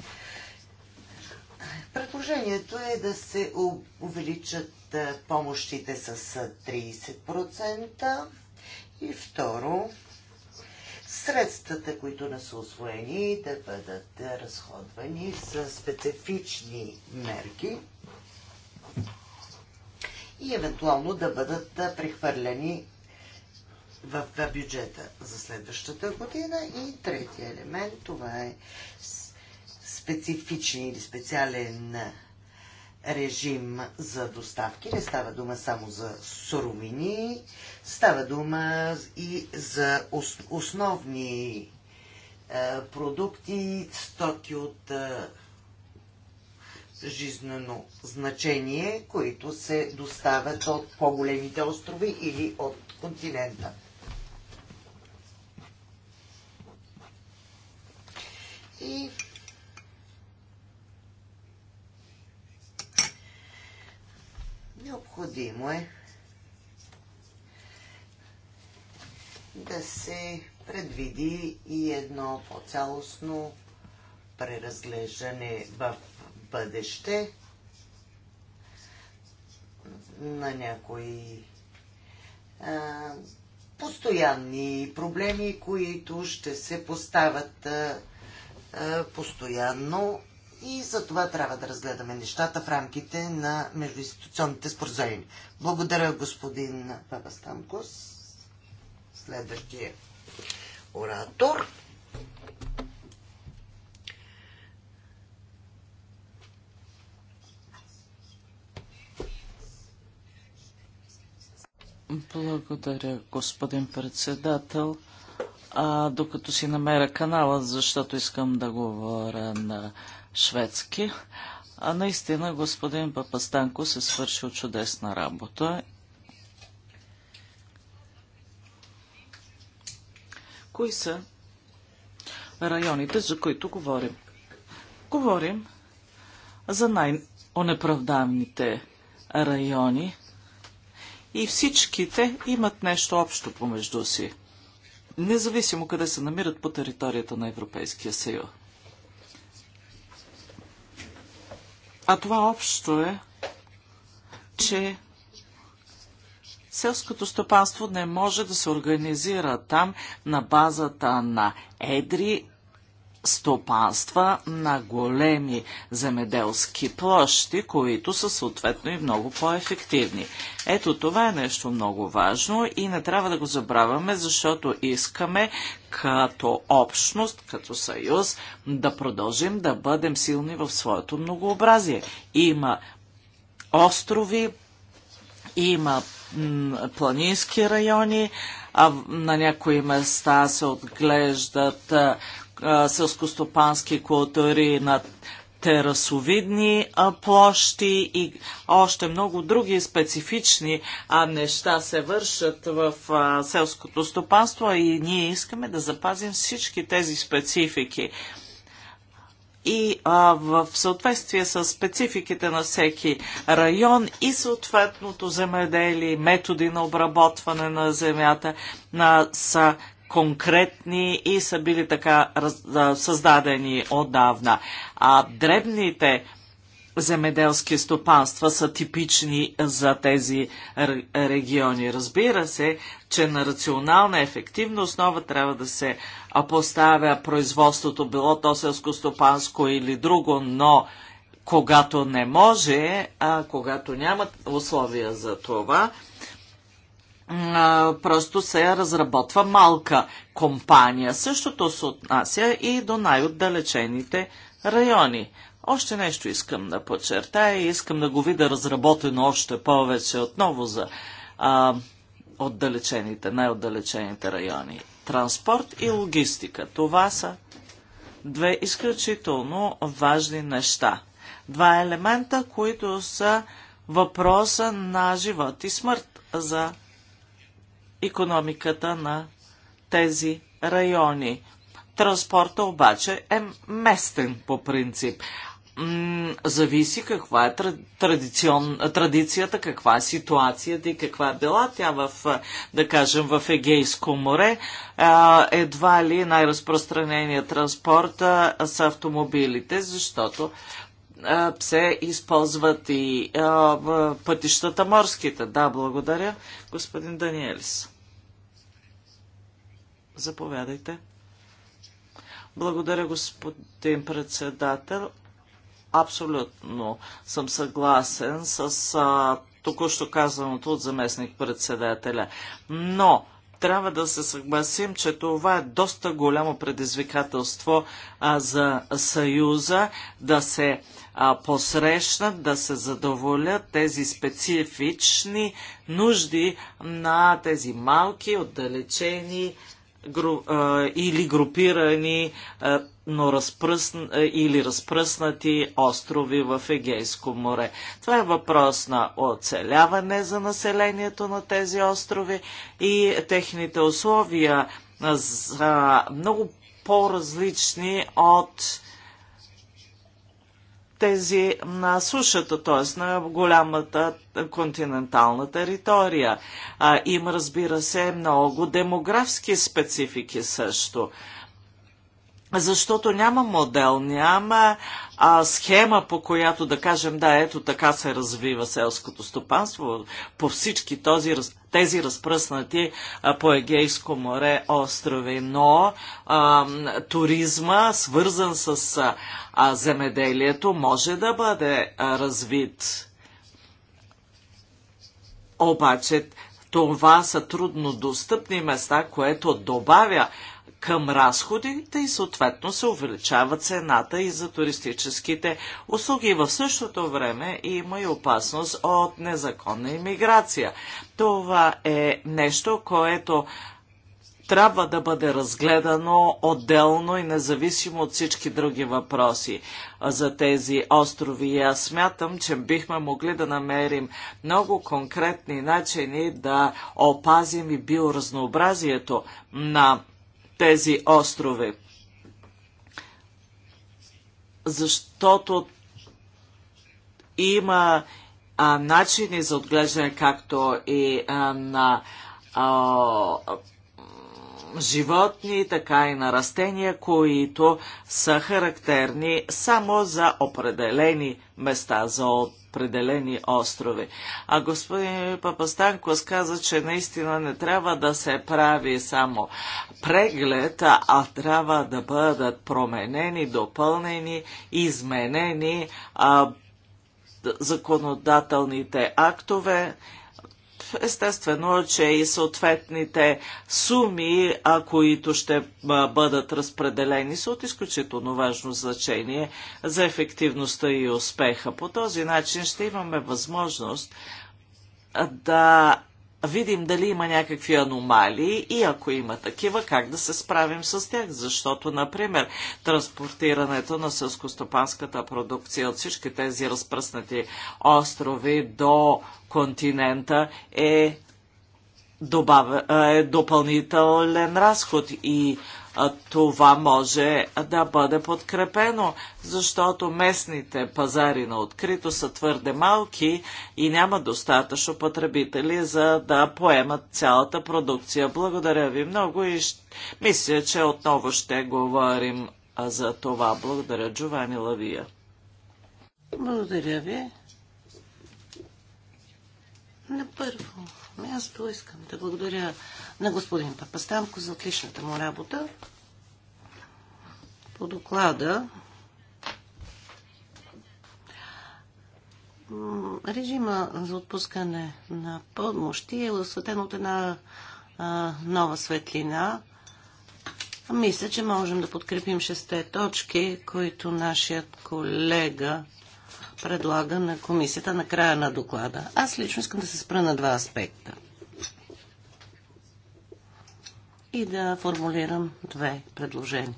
Предложението е да се увеличат а, е, помощите с 30% е, и второ, средствата, които не са освоени, да бъдат разходвани за специфични мерки – и евентуално да бъдат прехвърлени в бюджета за следващата година. И третия елемент, това е специфичен или специален режим за доставки. Не става дума само за суровини, става дума и за основни продукти, стоки от жизнено значение, които се доставят от по-големите острови или от континента. И необходимо е да се предвиди и едно по-цялостно преразглеждане в бъдеще на някои а, постоянни проблеми, които ще се поставят а, а, постоянно и за това трябва да разгледаме нещата в рамките на междуинституционните споразумения. Благодаря, господин Станкос. Следващия оратор. Благодаря, господин председател. А, докато си намеря канала, защото искам да говоря на шведски, а наистина господин Папастанко се свърши чудесна работа. Кои са районите, за които говорим? Говорим за най-онеправдавните райони, и всичките имат нещо общо помежду си, независимо къде се намират по територията на Европейския съюз. А това общо е, че селското стопанство не може да се организира там на базата на едри стопанства на големи земеделски площи, които са съответно и много по-ефективни. Ето това е нещо много важно и не трябва да го забравяме, защото искаме като общност, като съюз да продължим да бъдем силни в своето многообразие. Има острови, има планински райони, а на някои места се отглеждат селскостопански култури на терасовидни площи и още много други специфични неща се вършат в селското стопанство и ние искаме да запазим всички тези специфики. И а, в съответствие с спецификите на всеки район и съответното земеделие, методи на обработване на земята на, са конкретни и са били така създадени отдавна. А дребните земеделски стопанства са типични за тези региони. Разбира се, че на рационална ефективна основа трябва да се поставя производството, било то селско-стопанско или друго, но когато не може, а когато няма условия за това, просто се разработва малка компания. Същото се отнася и до най-отдалечените райони. Още нещо искам да подчертая и искам да го видя разработено още повече отново за а, отдалечените, най-отдалечените райони. Транспорт и логистика. Това са две изключително важни неща. Два елемента, които са въпроса на живот и смърт за економиката на тези райони. Транспорта обаче е местен по принцип. М зависи каква е традицион, традицията, каква е ситуацията и каква е била тя в, да кажем, в Егейско море. Едва ли най-разпространеният транспорт са автомобилите, защото се използват и пътищата морските. Да, благодаря. Господин Даниелис. Заповядайте. Благодаря, господин председател. Абсолютно съм съгласен с а, току-що казаното от заместник председателя. Но трябва да се съгласим, че това е доста голямо предизвикателство а, за Съюза да се а, посрещнат, да се задоволят тези специфични нужди на тези малки, отдалечени гру, а, или групирани, а, но разпръсна, а, или разпръснати острови в Егейско море. Това е въпрос на оцеляване за населението на тези острови и техните условия за много по-различни от тези на сушата, т.е. на голямата континентална територия. А, им разбира се много демографски специфики също. Защото няма модел, няма а, схема, по която да кажем, да, ето така се развива селското стопанство по всички този, тези разпръснати по Егейско море острови. Но а, туризма, свързан с а, земеделието, може да бъде а, развит. Обаче това са труднодостъпни места, което добавя към разходите и съответно се увеличава цената и за туристическите услуги. в същото време има и опасност от незаконна иммиграция. Това е нещо, което трябва да бъде разгледано отделно и независимо от всички други въпроси за тези острови. И аз смятам, че бихме могли да намерим много конкретни начини да опазим и биоразнообразието на тези острови. Защото има а, начини за отглеждане, както и а, на а, животни, така и на растения, които са характерни само за определени места, за определени острови. А господин Папастанкос каза, че наистина не трябва да се прави само преглед, а трябва да бъдат променени, допълнени, изменени а, законодателните актове Естествено, че и съответните суми, а, които ще бъдат разпределени, са от изключително важно значение за ефективността и успеха. По този начин ще имаме възможност да видим дали има някакви аномалии и ако има такива, как да се справим с тях. Защото, например, транспортирането на сълскостопанската продукция от всички тези разпръснати острови до континента е, добав... е допълнителен разход и това може да бъде подкрепено, защото местните пазари на открито са твърде малки и няма достатъчно потребители за да поемат цялата продукция. Благодаря ви много и мисля, че отново ще говорим за това. Благодаря, Джовани Лавия. Благодаря ви. На първо то ами искам да благодаря на господин Папастанко за отличната му работа по доклада. Режима за отпускане на помощи е осветен от една а, нова светлина. Мисля, че можем да подкрепим шесте точки, които нашият колега предлага на комисията на края на доклада. Аз лично искам да се спра на два аспекта и да формулирам две предложения.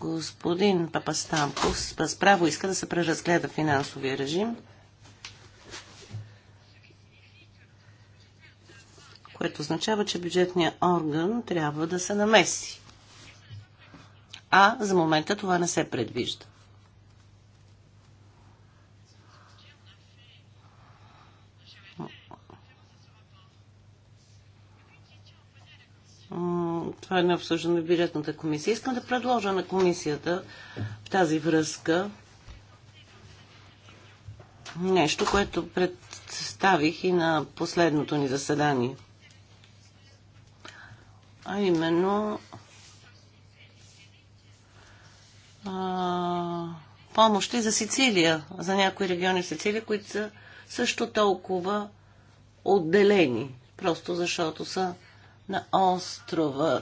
Господин Папастамков справо иска да се преразгледа финансовия режим, което означава, че бюджетният орган трябва да се намеси. А за момента това не се предвижда. това е обсъждане в бюджетната комисия. Искам да предложа на комисията в тази връзка нещо, което представих и на последното ни заседание. А именно а, помощи за Сицилия, за някои региони в Сицилия, които са също толкова отделени, просто защото са на острова,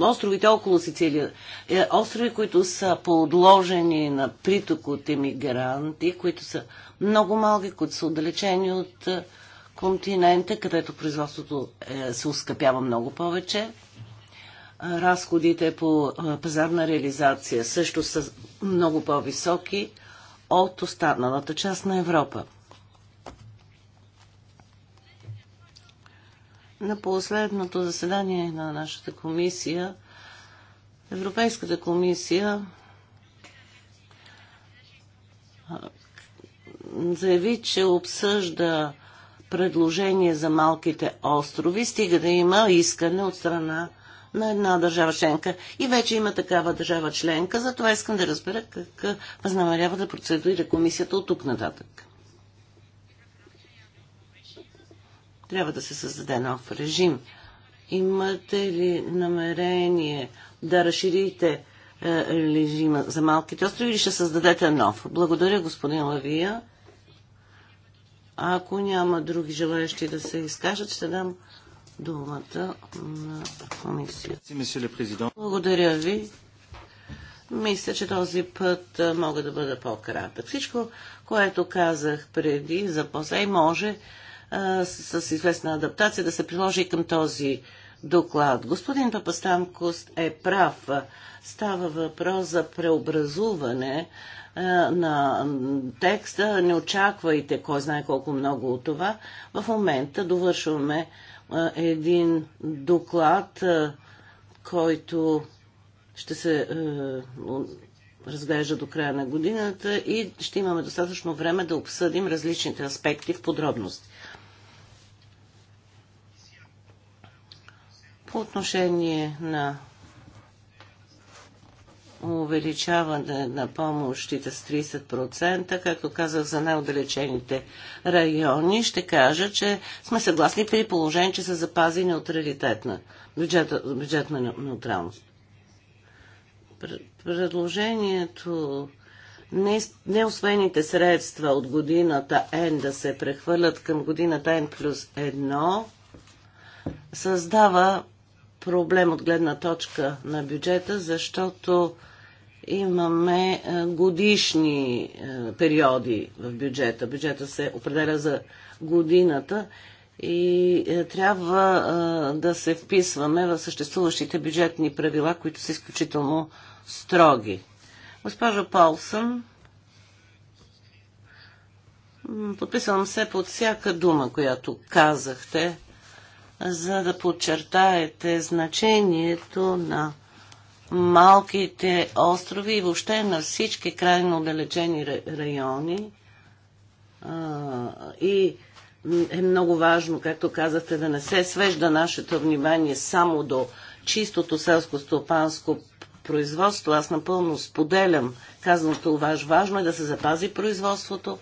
островите около Сицилия, е, острови, които са подложени на приток от емигранти, които са много малки, които са отдалечени от е, континента, където производството е, се ускъпява много повече. Разходите по пазарна реализация също са много по-високи от останалата част на Европа. На последното заседание на нашата комисия, Европейската комисия заяви, че обсъжда предложение за малките острови, стига да има искане от страна на една държава членка. И вече има такава държава членка, затова искам да разбера как възнамерява да процедуира комисията от тук нататък. трябва да се създаде нов режим. Имате ли намерение да разширите е, режима за малките острови или ще създадете нов? Благодаря, господин Лавия. ако няма други желаящи да се изкажат, ще дам думата на комисията. Благодаря ви. Мисля, че този път е, мога да бъда по-кратък. Всичко, което казах преди за после, може с, с известна адаптация да се приложи към този доклад. Господин Папастамкос е прав. Става въпрос за преобразуване на текста. Не очаквайте кой знае колко много от това. В момента довършваме един доклад, който ще се разглежда до края на годината и ще имаме достатъчно време да обсъдим различните аспекти в подробности. По отношение на увеличаване на помощите с 30%, както казах за най-отдалечените райони, ще кажа, че сме съгласни при положение, че се запази неутралитетна бюджет, бюджетна неутралност. Предложението не неосвоените средства от годината N да се прехвърлят към годината N плюс 1 създава проблем от гледна точка на бюджета, защото имаме е, годишни е, периоди в бюджета. Бюджета се определя за годината и е, трябва да се вписваме в съществуващите бюджетни правила, които са изключително строги. Госпожо Полсън, подписвам се под всяка дума, която казахте за да подчертаете значението на малките острови и въобще на всички крайно отдалечени райони. И е много важно, както казахте, да не се свежда нашето внимание само до чистото селско-стопанско производство. Аз напълно споделям казаното ваш. Важно е да се запази производството,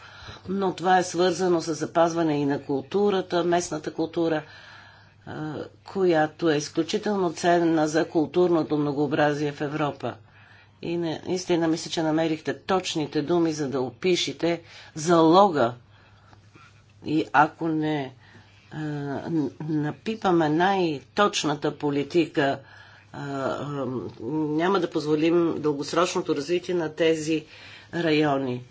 но това е свързано с запазване и на културата, местната култура – която е изключително ценна за културното многообразие в Европа. И наистина мисля, че намерихте точните думи, за да опишете залога. И ако не а, напипаме най-точната политика, а, а, няма да позволим дългосрочното развитие на тези райони.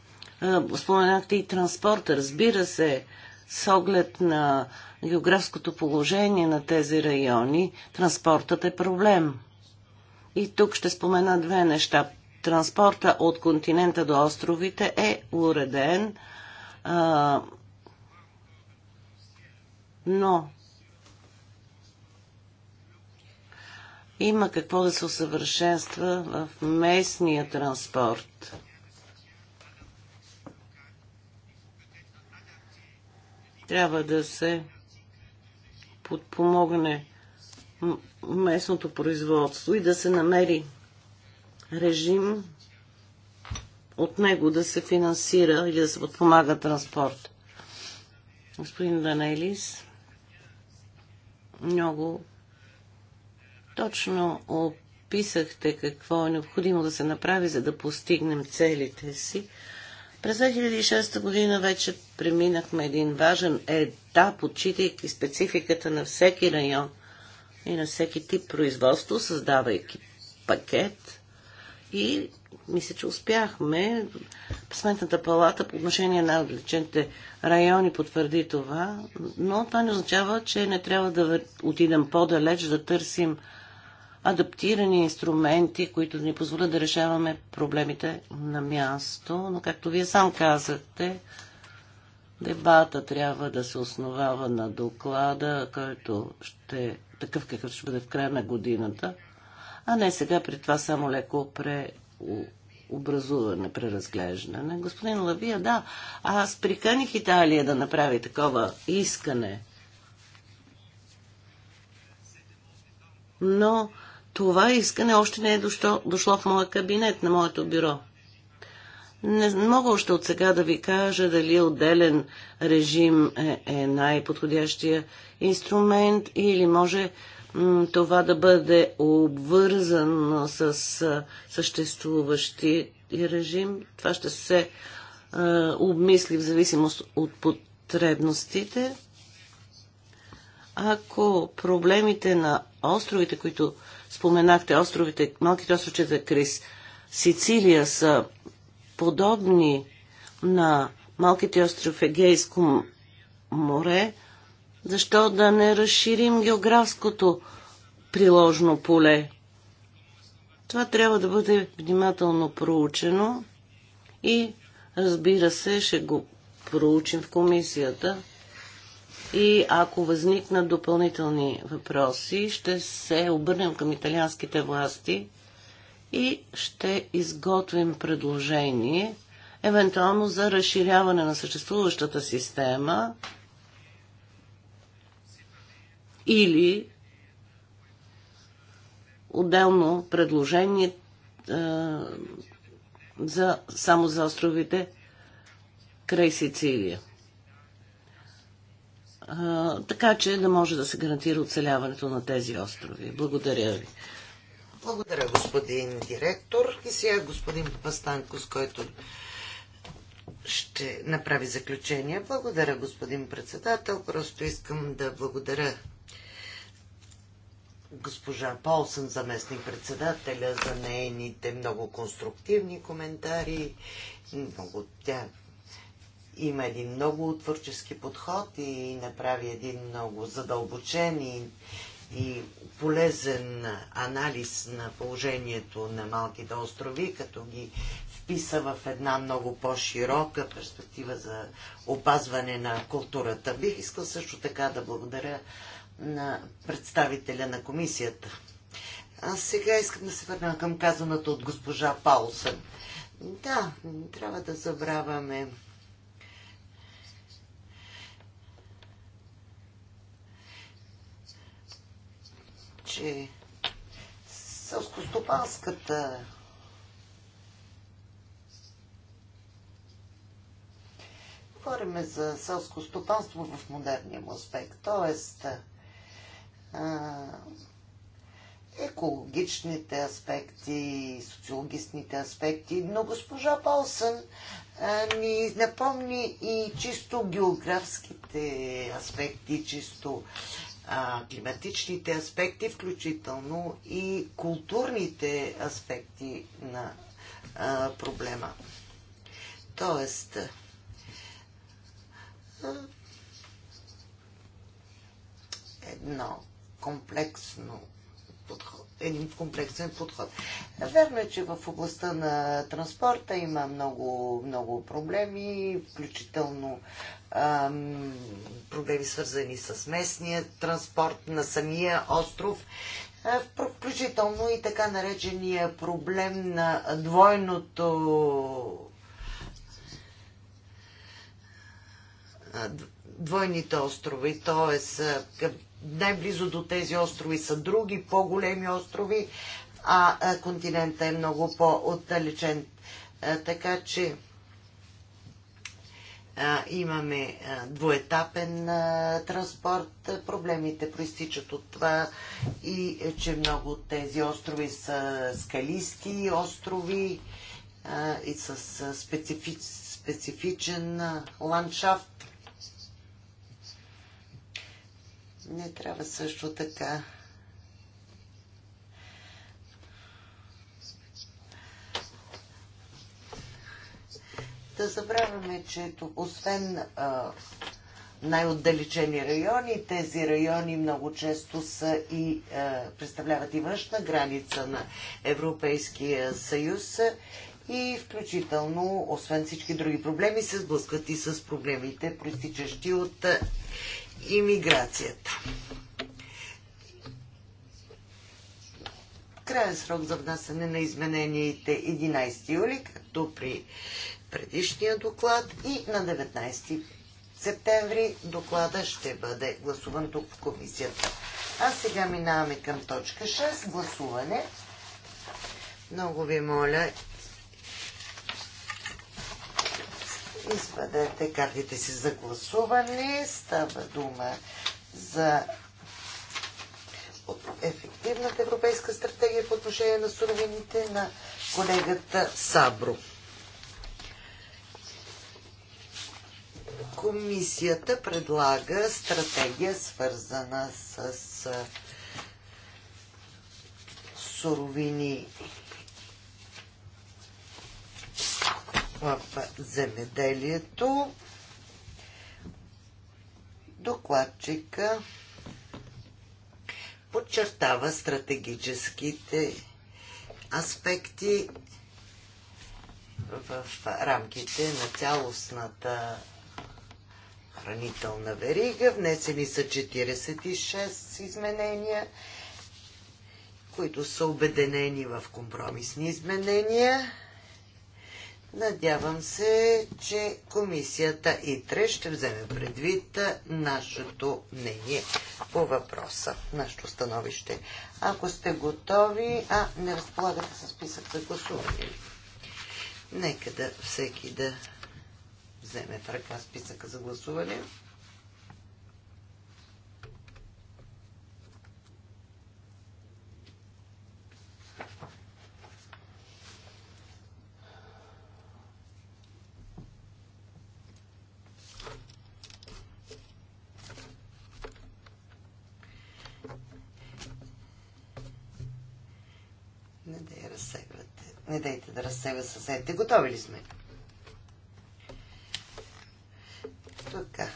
Споменахте и транспорта. Разбира се, с оглед на географското положение на тези райони, транспортът е проблем. И тук ще спомена две неща. Транспорта от континента до островите е уреден, а, но има какво да се усъвършенства в местния транспорт. Трябва да се подпомогне местното производство и да се намери режим от него да се финансира или да се подпомага транспорт. Господин Данелис много точно описахте какво е необходимо да се направи, за да постигнем целите си. През 2006 година вече преминахме един важен етап, отчитайки спецификата на всеки район и на всеки тип производство, създавайки пакет и мисля, че успяхме. Сметната палата по отношение на отличените райони потвърди това, но това не означава, че не трябва да отидем по-далеч, да търсим адаптирани инструменти, които ни позволят да решаваме проблемите на място. Но както вие сам казахте, дебата трябва да се основава на доклада, който ще такъв какъв ще бъде в края на годината, а не сега при това само леко преобразуване, преразглеждане. Господин Лавия, да, аз приканих Италия да направи такова искане. Но това искане още не е дошло, дошло в моя кабинет, на моето бюро. Не мога още от сега да ви кажа дали отделен режим е, е най-подходящия инструмент или може това да бъде обвързано с съществуващи режим. Това ще се а, обмисли в зависимост от потребностите. Ако проблемите на островите, които Споменахте островите, малките островчета Крис. Сицилия са подобни на малките остров Егейско море. Защо да не разширим географското приложно поле? Това трябва да бъде внимателно проучено и разбира се, ще го проучим в комисията и ако възникнат допълнителни въпроси, ще се обърнем към италианските власти и ще изготвим предложение, евентуално за разширяване на съществуващата система или отделно предложение за, само за островите край Сицилия така че да може да се гарантира оцеляването на тези острови. Благодаря ви. Благодаря, господин директор. И сега господин Пастанко, с който ще направи заключение. Благодаря, господин председател. Просто искам да благодаря госпожа Полсън, заместник председателя, за нейните много конструктивни коментари. Много тя има един много творчески подход и направи един много задълбочен и, и полезен анализ на положението на малките острови, като ги вписа в една много по-широка перспектива за опазване на културата. Бих искал също така да благодаря на представителя на комисията. А сега искам да се върна към казаното от госпожа Паулсън. Да, трябва да забравяме че сълскостопанската Говориме за селско стопанство в модерния му аспект, т.е. екологичните аспекти, социологичните аспекти, но госпожа Полсън ни напомни и чисто географските аспекти, чисто а, климатичните аспекти, включително и културните аспекти на а, проблема. Тоест, а, едно комплексно подход, един комплексен подход. Верно е, че в областта на транспорта има много, много проблеми, включително ам, проблеми свързани с местния транспорт на самия остров, включително и така наречения проблем на двойното двойните острови, т.е най-близо до тези острови са други, по-големи острови, а континента е много по-отдалечен. Така че имаме двуетапен транспорт. Проблемите проистичат от това и е, че много от тези острови са скалисти острови и с специфичен ландшафт. Не трябва също така да забравяме, че освен най-отдалечени райони, тези райони много често са и а, представляват и външна граница на Европейския съюз и включително, освен всички други проблеми, се сблъскват и с проблемите, проистичащи от имиграцията. Крайен срок за внасяне на измененията 11 е юли, както при предишния доклад и на 19 септември доклада ще бъде гласуван тук в комисията. А сега минаваме към точка 6 гласуване. Много ви моля, извадете картите си за гласуване. Става дума за ефективната европейска стратегия по отношение на суровините на колегата Сабро. Комисията предлага стратегия, свързана с суровини в земеделието. Докладчика подчертава стратегическите аспекти в рамките на цялостната хранителна верига. Внесени са 46 изменения, които са обеденени в компромисни изменения. Надявам се, че комисията ИТРЕ ще вземе предвид нашето мнение по въпроса, нашето становище. Ако сте готови, а не разполагате с списък за гласуване. Нека да всеки да вземе в ръка списъка за гласуване. Не дайте да разсева съседите. Готови ли сме? Така.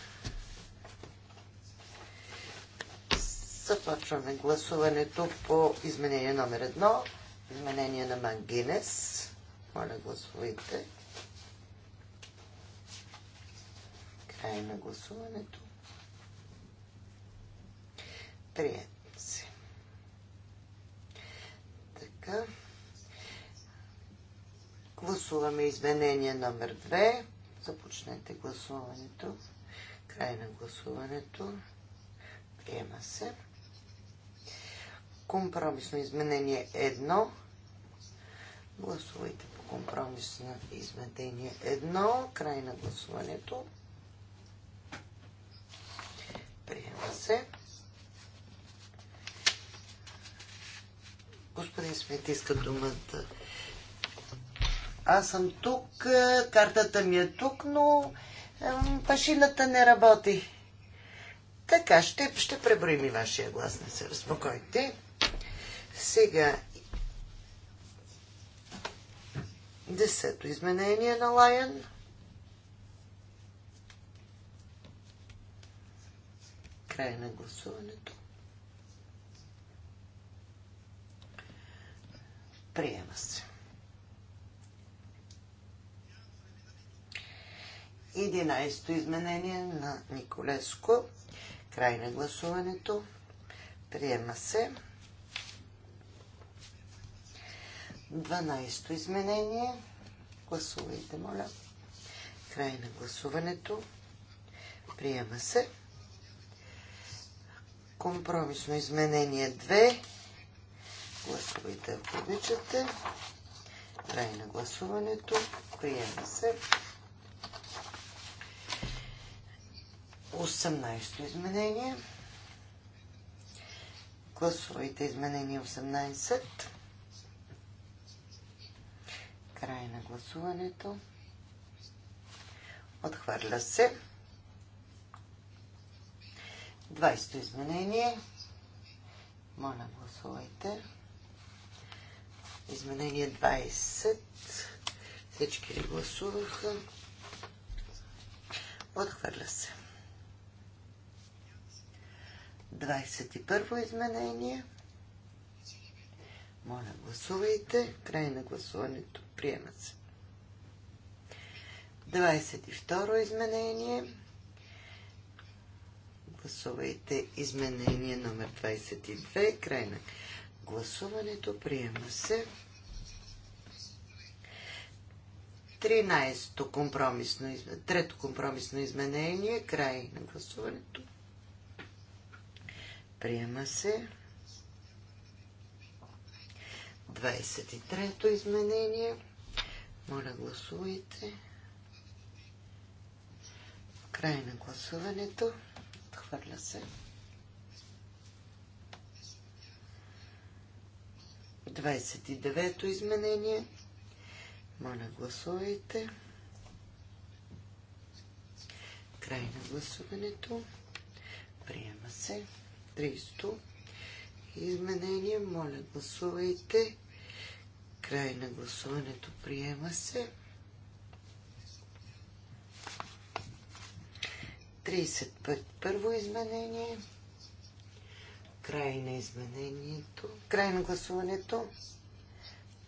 Започваме гласуването по изменение номер едно. Изменение на Мангинес. Моля, гласувайте. Край на гласуването. Прият се. Така. Гласуваме изменение номер 2. Започнете гласуването. Край на гласуването. Приема се. Компромисно изменение 1. Гласувайте по компромисно изменение 1. Край на гласуването. Приема се. Господин Смит иска думата. Аз съм тук, картата ми е тук, но машината не работи. Така, ще, ще преброим и вашия глас, не се разпокойте. Сега, десето изменение на Лайън. Край на гласуването. Приема се. 11-то изменение на Николеско. Край на гласуването. Приема се. 12-то изменение. Гласувайте, моля. Край на гласуването. Приема се. Компромисно изменение 2. Гласувайте, ако обичате. Край на гласуването. Приема се. 18-то изменение. Гласувайте изменения 18. Край на гласуването. Отхвърля се. 20-то изменение. Моля, гласувайте. Изменение 20. Всички ли гласуваха? Отхвърля се. 21 изменение. Моля, гласувайте. Край на гласуването. Приема се. 22 изменение. Гласувайте изменение номер 22. Край на гласуването. Приема се. 13-то компромисно, трето компромисно изменение. Край на гласуването. Приема се. 23-то изменение. Моля, гласувайте. Край на гласуването. Отхвърля се. 29-то изменение. Моля, гласувайте. Край на гласуването. Приема се. 300 изменение. Моля, гласувайте. Край на гласуването приема се. 30 път първо изменение. Край на изменението. Край на гласуването.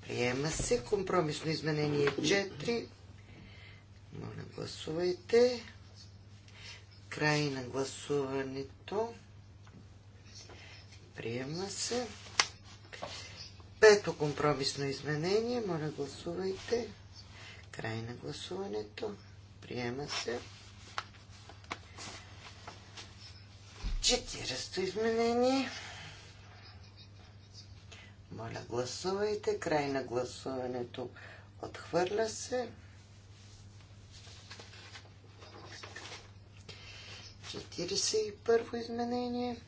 Приема се. Компромисно изменение 4. Моля, гласувайте. Край на гласуването приема се. Пето компромисно изменение. Моля, гласувайте. Край на гласуването. Приема се. Четиресто изменение. Моля, гласувайте. Край на гласуването. Отхвърля се. 41 изменение.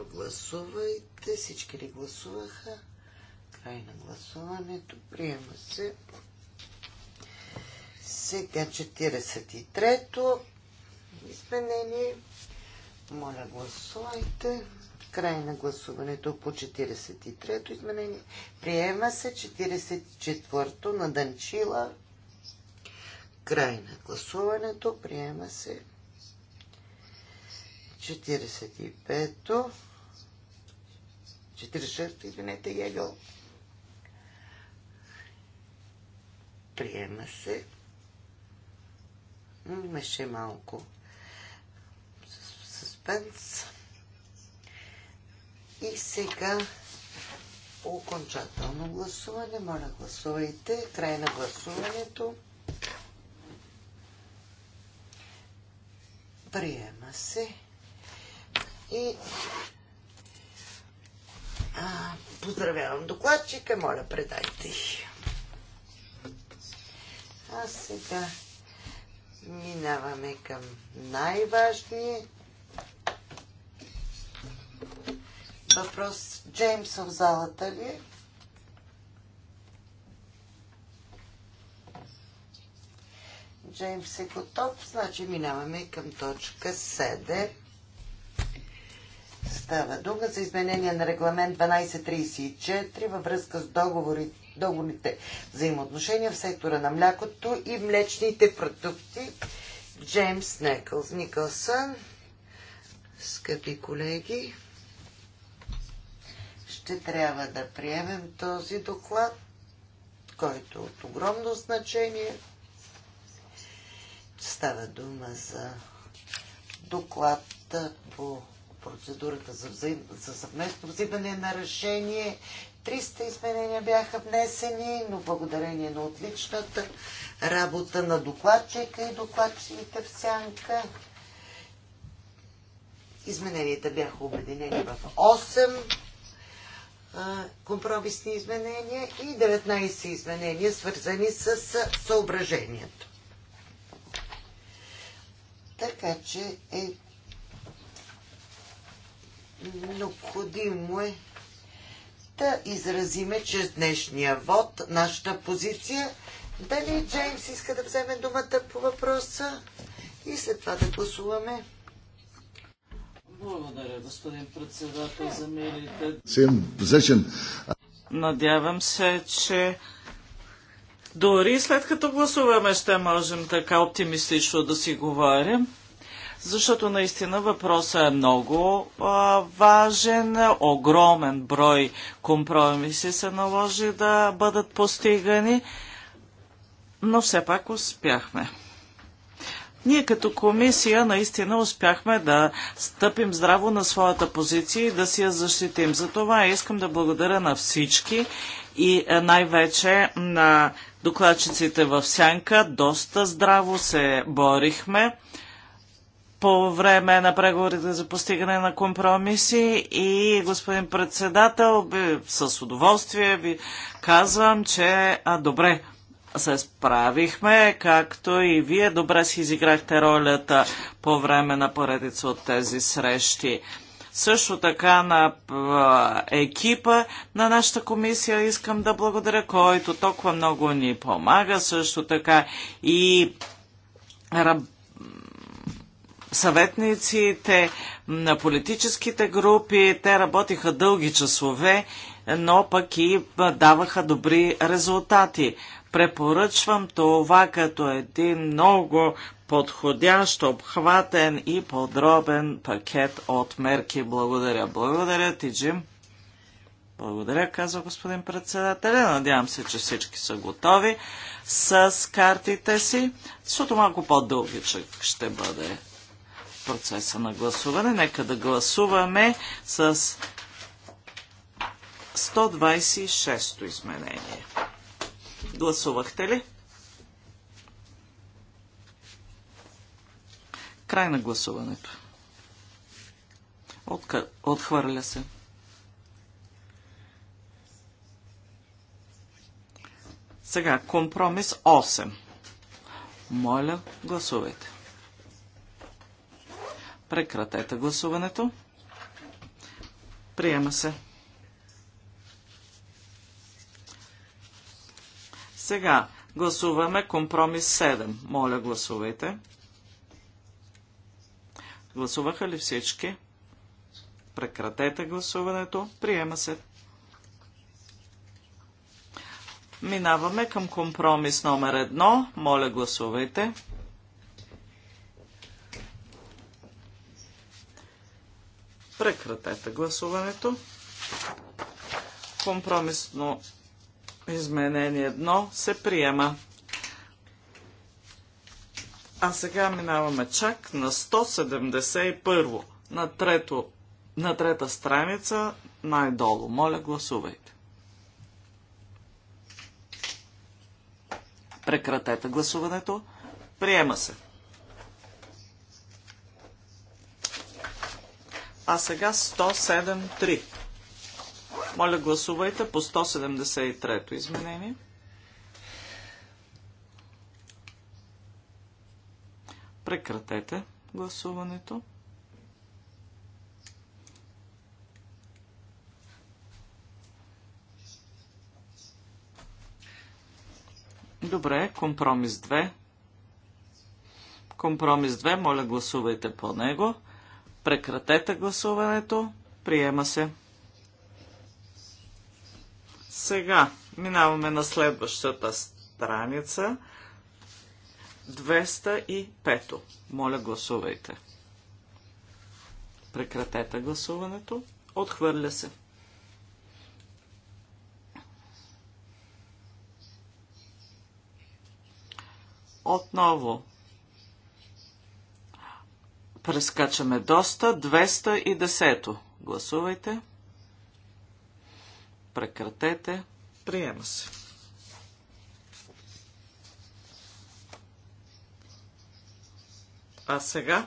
прогласувайте. гласувайте. Всички ли гласуваха? Край на гласуването. Приема се. Сега 43-то изменение. Моля, гласувайте. Край на гласуването по 43-то изменение. Приема се 44-то на Данчила. Край на гласуването. Приема се 45-то. 46, извинете, Егел. Приема се. Имаше малко суспенс. И сега окончателно гласуване. Моля, гласувайте. Край на гласуването. Приема се. И а, поздравявам докладчика, моля, предайте ги. А сега минаваме към най-важния въпрос. Джеймс в залата ли е? Джеймс е готов, значи минаваме към точка 7. Става дума за изменение на регламент 1234 във връзка с договорите взаимоотношения в сектора на млякото и млечните продукти. Джеймс Некълс Никълсън, скъпи колеги, ще трябва да приемем този доклад, който е от огромно значение. Става дума за доклад по процедурата за, взаим, за съвместно взимане на решение. 300 изменения бяха внесени, но благодарение на отличната работа на докладчика и докладчите в сянка. Измененията бяха обединени в 8 компромисни изменения и 19 изменения, свързани с съображението. Така че е Необходимо е да изразиме чрез днешния вод нашата позиция. Дали Джеймс иска да вземе думата по въпроса и след това да гласуваме. Благодаря, господин председател, за милите. Надявам се, че дори след като гласуваме ще можем така оптимистично да си говорим защото наистина въпросът е много а, важен. Огромен брой компромиси се наложи да бъдат постигани, но все пак успяхме. Ние като комисия наистина успяхме да стъпим здраво на своята позиция и да си я защитим. За това искам да благодаря на всички и е, най-вече на докладчиците в Сянка. Доста здраво се борихме по време на преговорите за постигане на компромиси и господин председател, би, с удоволствие ви казвам, че а, добре се справихме, както и вие добре си изиграхте ролята по време на поредица от тези срещи. Също така на екипа на нашата комисия искам да благодаря, който толкова много ни помага. Също така и съветниците на политическите групи, те работиха дълги часове, но пък и даваха добри резултати. Препоръчвам това като един много подходящ, обхватен и подробен пакет от мерки. Благодаря. Благодаря ти, Джим. Благодаря, казва господин председател. Надявам се, че всички са готови с картите си, защото малко по-дългичък ще бъде процеса на гласуване. Нека да гласуваме с 126-то изменение. Гласувахте ли? Край на гласуването. Отка... Отхвърля се. Сега компромис 8. Моля, гласувайте. Прекратете гласуването. Приема се. Сега гласуваме компромис 7. Моля, гласувайте. Гласуваха ли всички? Прекратете гласуването. Приема се. Минаваме към компромис номер 1. Моля, гласувайте. Прекратете гласуването. Компромисно изменение 1 се приема. А сега минаваме чак на 171 на, трето, на трета страница най-долу. Моля, гласувайте. Прекратете гласуването. Приема се. А сега 107.3. Моля, гласувайте по 173-то изменение. Прекратете гласуването. Добре, компромис 2. Компромис 2, моля гласувайте по него. Прекратете гласуването. Приема се. Сега минаваме на следващата страница. 205. Моля, гласувайте. Прекратете гласуването. Отхвърля се. Отново Прескачаме доста. 210. Гласувайте. Прекратете. Приема се. А сега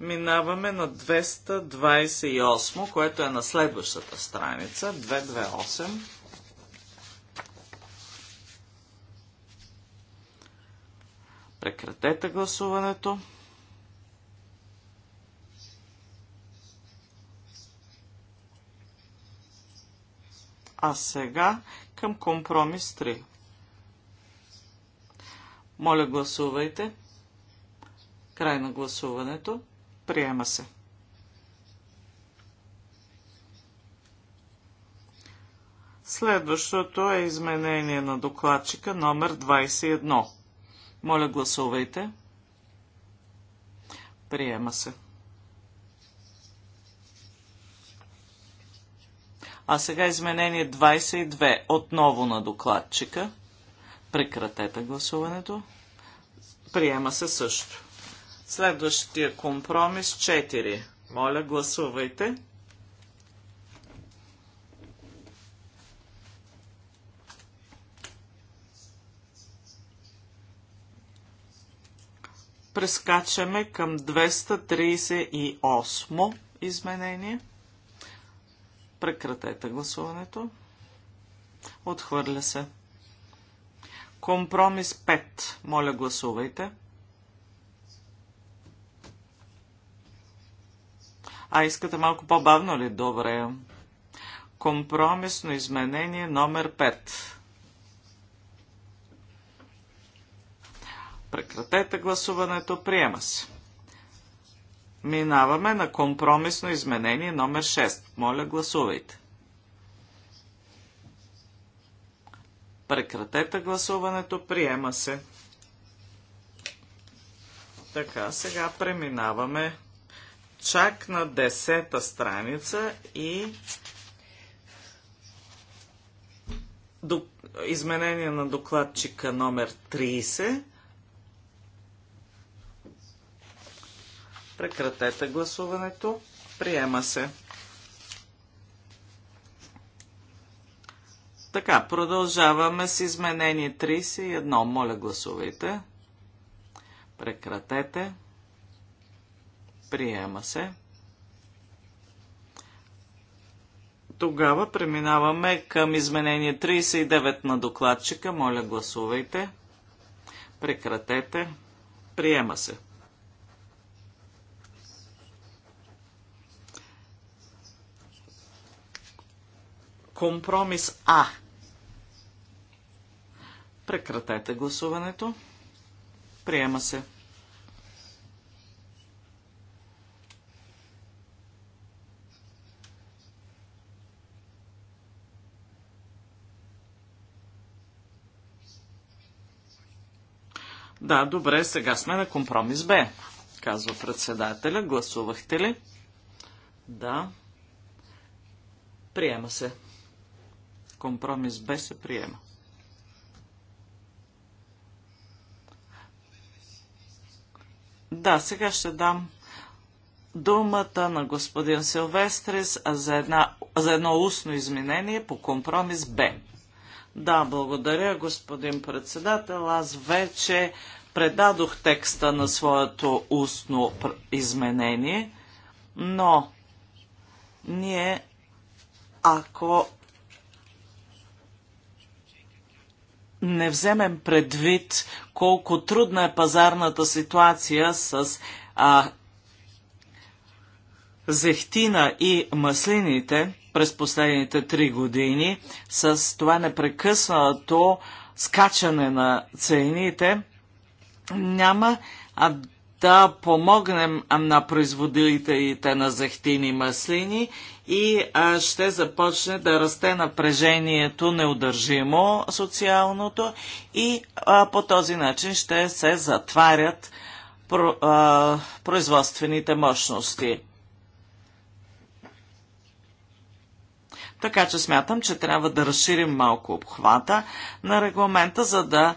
минаваме на 228, което е на следващата страница. 228. Прекратете гласуването. А сега към компромис 3. Моля, гласувайте. Край на гласуването. Приема се. Следващото е изменение на докладчика номер 21. Моля, гласувайте. Приема се. А сега изменение 22. Отново на докладчика. Прекратете гласуването. Приема се също. Следващия компромис 4. Моля, гласувайте. Прескачаме към 238 изменение. Прекратете гласуването. Отхвърля се. Компромис 5. Моля, гласувайте. А, искате малко по-бавно ли? Добре. Компромисно изменение номер 5. Прекратете гласуването. Приема се. Минаваме на компромисно изменение номер 6. Моля, гласувайте. Прекратете гласуването, приема се. Така, сега преминаваме чак на десета страница и до... изменение на докладчика номер 30. Прекратете гласуването. Приема се. Така, продължаваме с изменение 31. Моля, гласувайте. Прекратете. Приема се. Тогава преминаваме към изменение 39 на докладчика. Моля, гласувайте. Прекратете. Приема се. Компромис А. Прекратете гласуването. Приема се. Да, добре, сега сме на компромис Б, казва председателя. Гласувахте ли? Да. Приема се. Компромис Б се приема. Да, сега ще дам думата на господин Силвестрис за, една, за едно устно изменение по компромис Б. Да, благодаря, господин председател. Аз вече предадох текста на своето устно изменение, но ние, ако не вземем предвид колко трудна е пазарната ситуация с а, зехтина и маслините през последните три години, с това непрекъснато скачане на цените, няма а, да помогнем на производителите на захтини маслини и ще започне да расте напрежението неудържимо социалното и по този начин ще се затварят производствените мощности. Така че смятам, че трябва да разширим малко обхвата на регламента, за да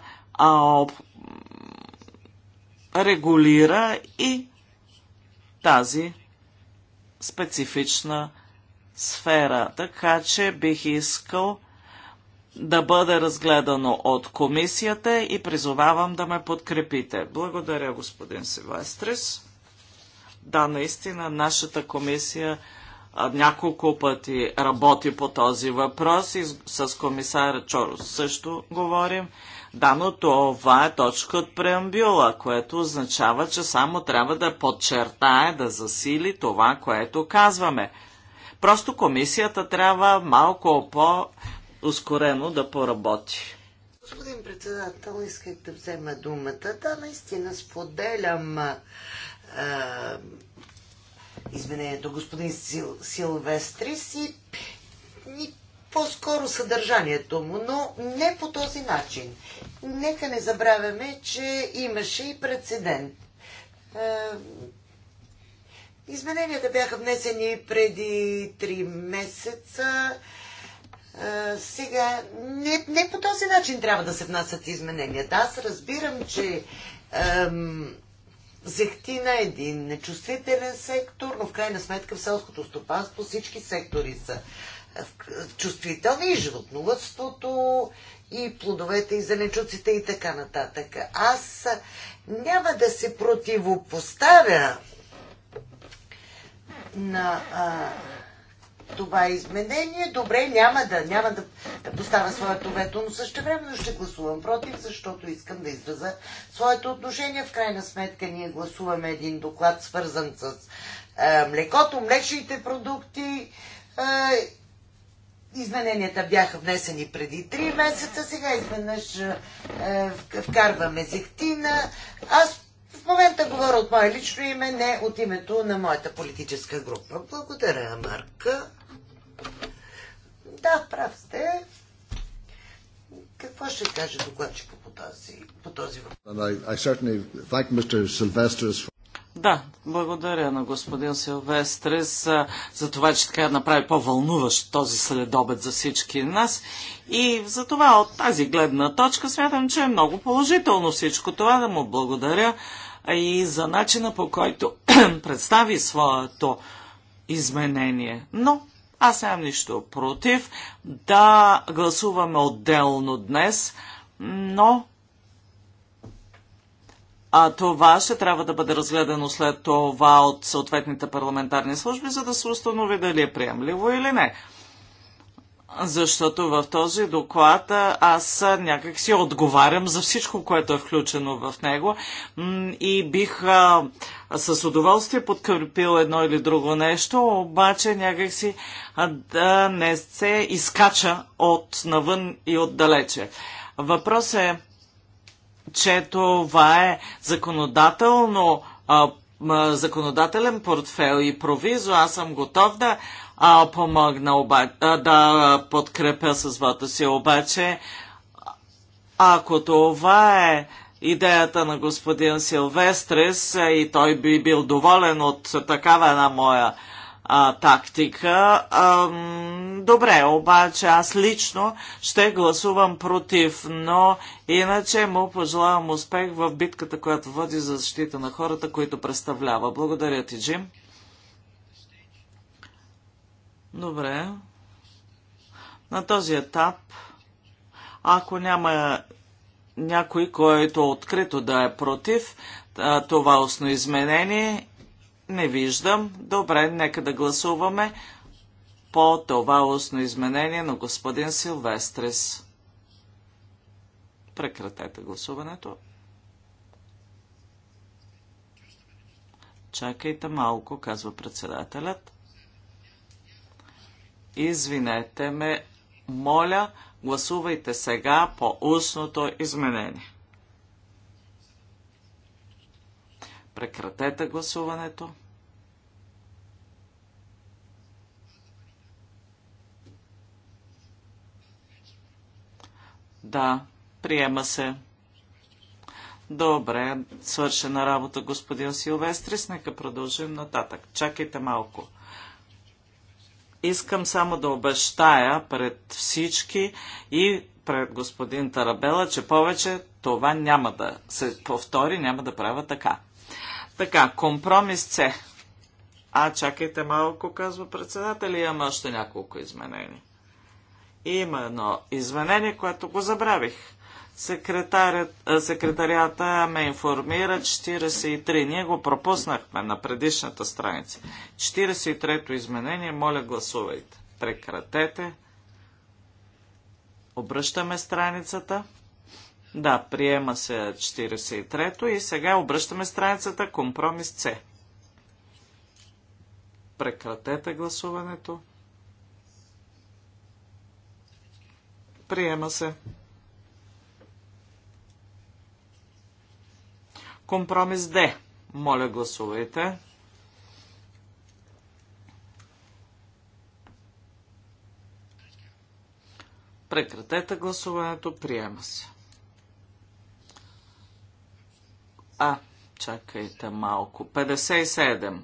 регулира и тази специфична сфера. Така че бих искал да бъде разгледано от комисията и призовавам да ме подкрепите. Благодаря, господин Силвестрис. Да, наистина, нашата комисия няколко пъти работи по този въпрос и с комисар Чорос също говорим. Да, но това е точка от преамбюла, което означава, че само трябва да подчертае, да засили това, което казваме. Просто комисията трябва малко по-ускорено да поработи. Господин председател, исках да взема думата. Да, наистина споделям а, извинението господин Сил, Силвестрис и, и по-скоро съдържанието му, но не по този начин. Нека не забравяме, че имаше и прецедент. Е, измененията бяха внесени преди 3 месеца. Е, сега, не, не по този начин трябва да се внасят измененията. Аз разбирам, че зехтина е един нечувствителен сектор, но в крайна сметка в селското стопанство всички сектори са чувствителни и животновътството, и плодовете, и зеленчуците, и така нататък. Аз няма да се противопоставя на а, това изменение. Добре, няма да, няма да, поставя своето вето, но също време ще гласувам против, защото искам да изразя своето отношение. В крайна сметка ние гласуваме един доклад, свързан с а, млекото, млечните продукти а, измененията бяха внесени преди 3 месеца, сега изведнъж е, е вкарваме зехтина. Аз в момента говоря от мое лично име, не от името на моята политическа група. Благодаря, Марка. Да, прав сте. Какво ще каже докладчика по по този въпрос? Да, благодаря на господин Силвестрес за това, че така направи по-вълнуващ този следобед за всички нас. И за това от тази гледна точка смятам, че е много положително всичко това. Да му благодаря и за начина по който представи своето изменение. Но аз нямам нищо против да гласуваме отделно днес, но а, това ще трябва да бъде разгледано след това от съответните парламентарни служби, за да се установи дали е приемливо или не. Защото в този доклад аз някак си отговарям за всичко, което е включено в него и бих с удоволствие подкрепил едно или друго нещо, обаче някак си да не се изкача от навън и отдалече. Въпрос е че това е законодателно а, законодателен портфел и провизо. Аз съм готов да а, помогна, оба, а, да подкрепя с вата си. Обаче, ако това е идеята на господин Силвестрис и той би бил доволен от такава една моя а, тактика. А, добре, обаче аз лично ще гласувам против, но иначе му пожелавам успех в битката, която води за защита на хората, които представлява. Благодаря ти, Джим. Добре. На този етап, ако няма някой, който открито да е против това устно изменение, не виждам. Добре, нека да гласуваме по това устно изменение на господин Силвестрис. Прекратете гласуването. Чакайте малко, казва председателят. Извинете ме, моля, гласувайте сега по устното изменение. Прекратете гласуването. Да, приема се. Добре, свършена работа, господин Силвестрис. Нека продължим нататък. Чакайте малко. Искам само да обещая пред всички и пред господин Тарабела, че повече това няма да се повтори, няма да правя така. Така, компромис С. А, чакайте малко, казва председателя, има още няколко изменения. И има едно изменение, което го забравих. Секретарията ме информира 43. Ние го пропуснахме на предишната страница. 43-то изменение, моля гласувайте. Прекратете. Обръщаме страницата. Да, приема се 43-то и сега обръщаме страницата компромис С. Прекратете гласуването. Приема се. Компромис Д. Моля, гласувайте. Прекратете гласуването. Приема се. Чакайте малко. 57.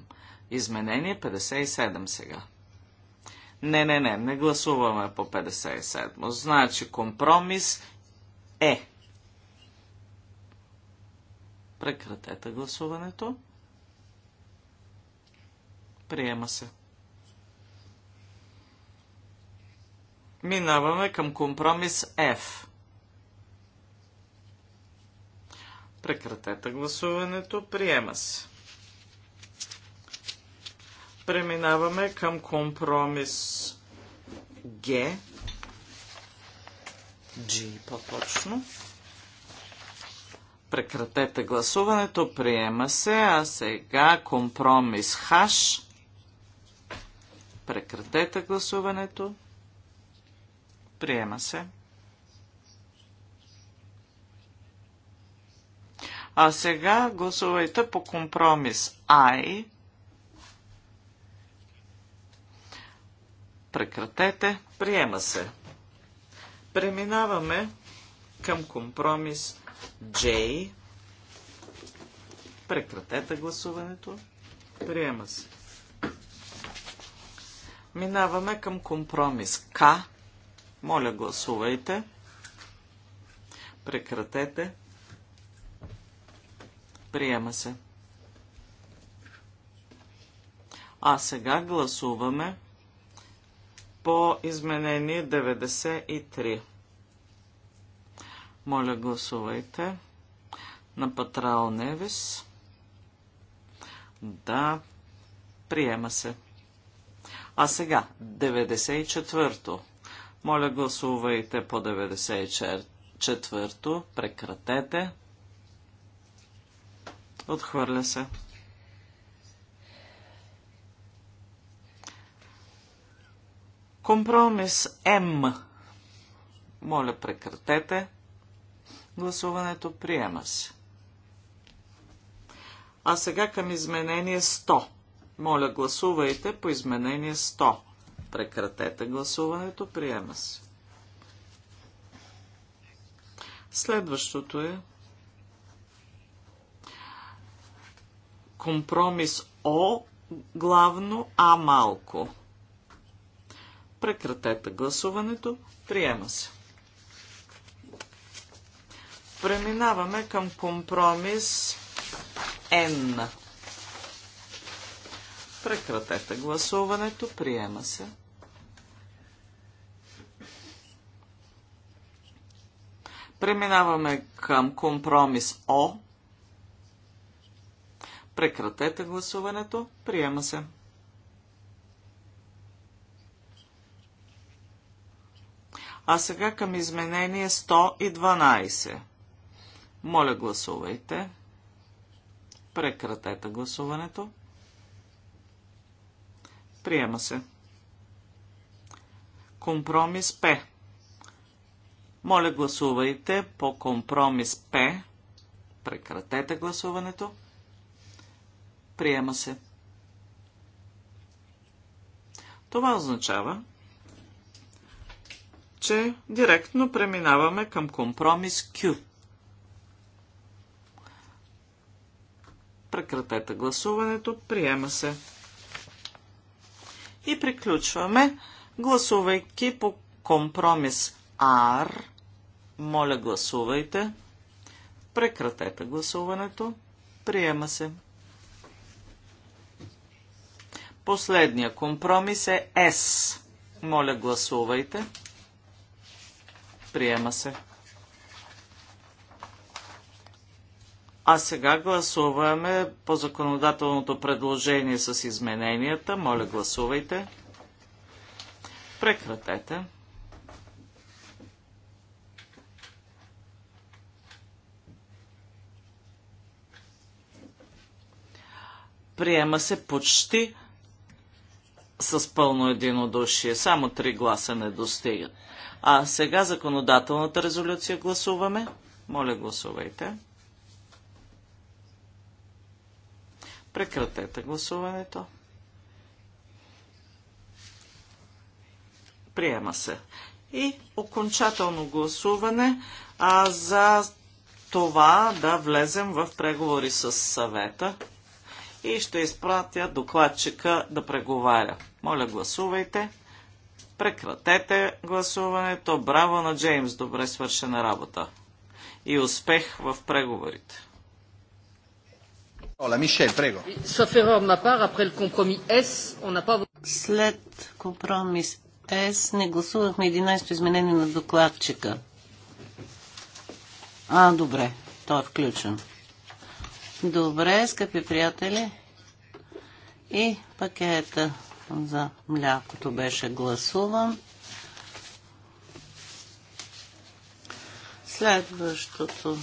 Изменение 57 сега. Не, не, не, не гласуваме по 57. Значи компромис е. Прекратете гласуването. Приема се. Минаваме към компромис F. Прекратете гласуването. Приема се. Преминаваме към компромис Г. G по-точно. Прекратете гласуването. Приема се. А сега компромис Х. Прекратете гласуването. Приема се. А сега гласувайте по компромис Ай. Прекратете. Приема се. Преминаваме към компромис J. Прекратете гласуването. Приема се. Минаваме към компромис К. Моля, гласувайте. Прекратете. Приема се. А сега гласуваме по изменение 93. Моля, гласувайте на Патрал Невис. Да, приема се. А сега, 94-то. Моля, гласувайте по 94-то. Прекратете. Отхвърля се. Компромис М. Моля, прекратете. Гласуването приема се. А сега към изменение 100. Моля, гласувайте по изменение 100. Прекратете гласуването, приема се. Следващото е Компромис О главно, а малко. Прекратете гласуването. Приема се. Преминаваме към компромис Н. Прекратете гласуването. Приема се. Преминаваме към компромис О. Прекратете гласуването. Приема се. А сега към изменение 112. Моля, гласувайте. Прекратете гласуването. Приема се. Компромис П. Моля, гласувайте по компромис П. Прекратете гласуването. Приема се. Това означава, че директно преминаваме към компромис Q. Прекратете гласуването. Приема се. И приключваме, гласувайки по компромис R. Моля, гласувайте. Прекратете гласуването. Приема се. Последния компромис е С. Моля, гласувайте. Приема се. А сега гласуваме по законодателното предложение с измененията. Моля, гласувайте. Прекратете. Приема се почти с пълно единодушие. Само три гласа не достигат. А сега законодателната резолюция гласуваме. Моля, гласувайте. Прекратете гласуването. Приема се. И окончателно гласуване а, за това да влезем в преговори с съвета и ще изпратя докладчика да преговаря. Моля, гласувайте. Прекратете гласуването. Браво на Джеймс. Добре свършена работа. И успех в преговорите. След компромис С не гласувахме 11-то изменение на докладчика. А, добре. Той е включен. Добре, скъпи приятели. И пакета за млякото беше гласуван. Следващото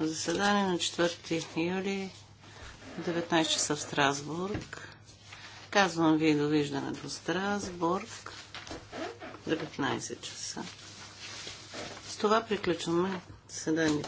заседание на 4 юли 19 часа в Страсбург. Казвам ви довиждане до Страсбург. 19 часа. С това приключваме заседанието.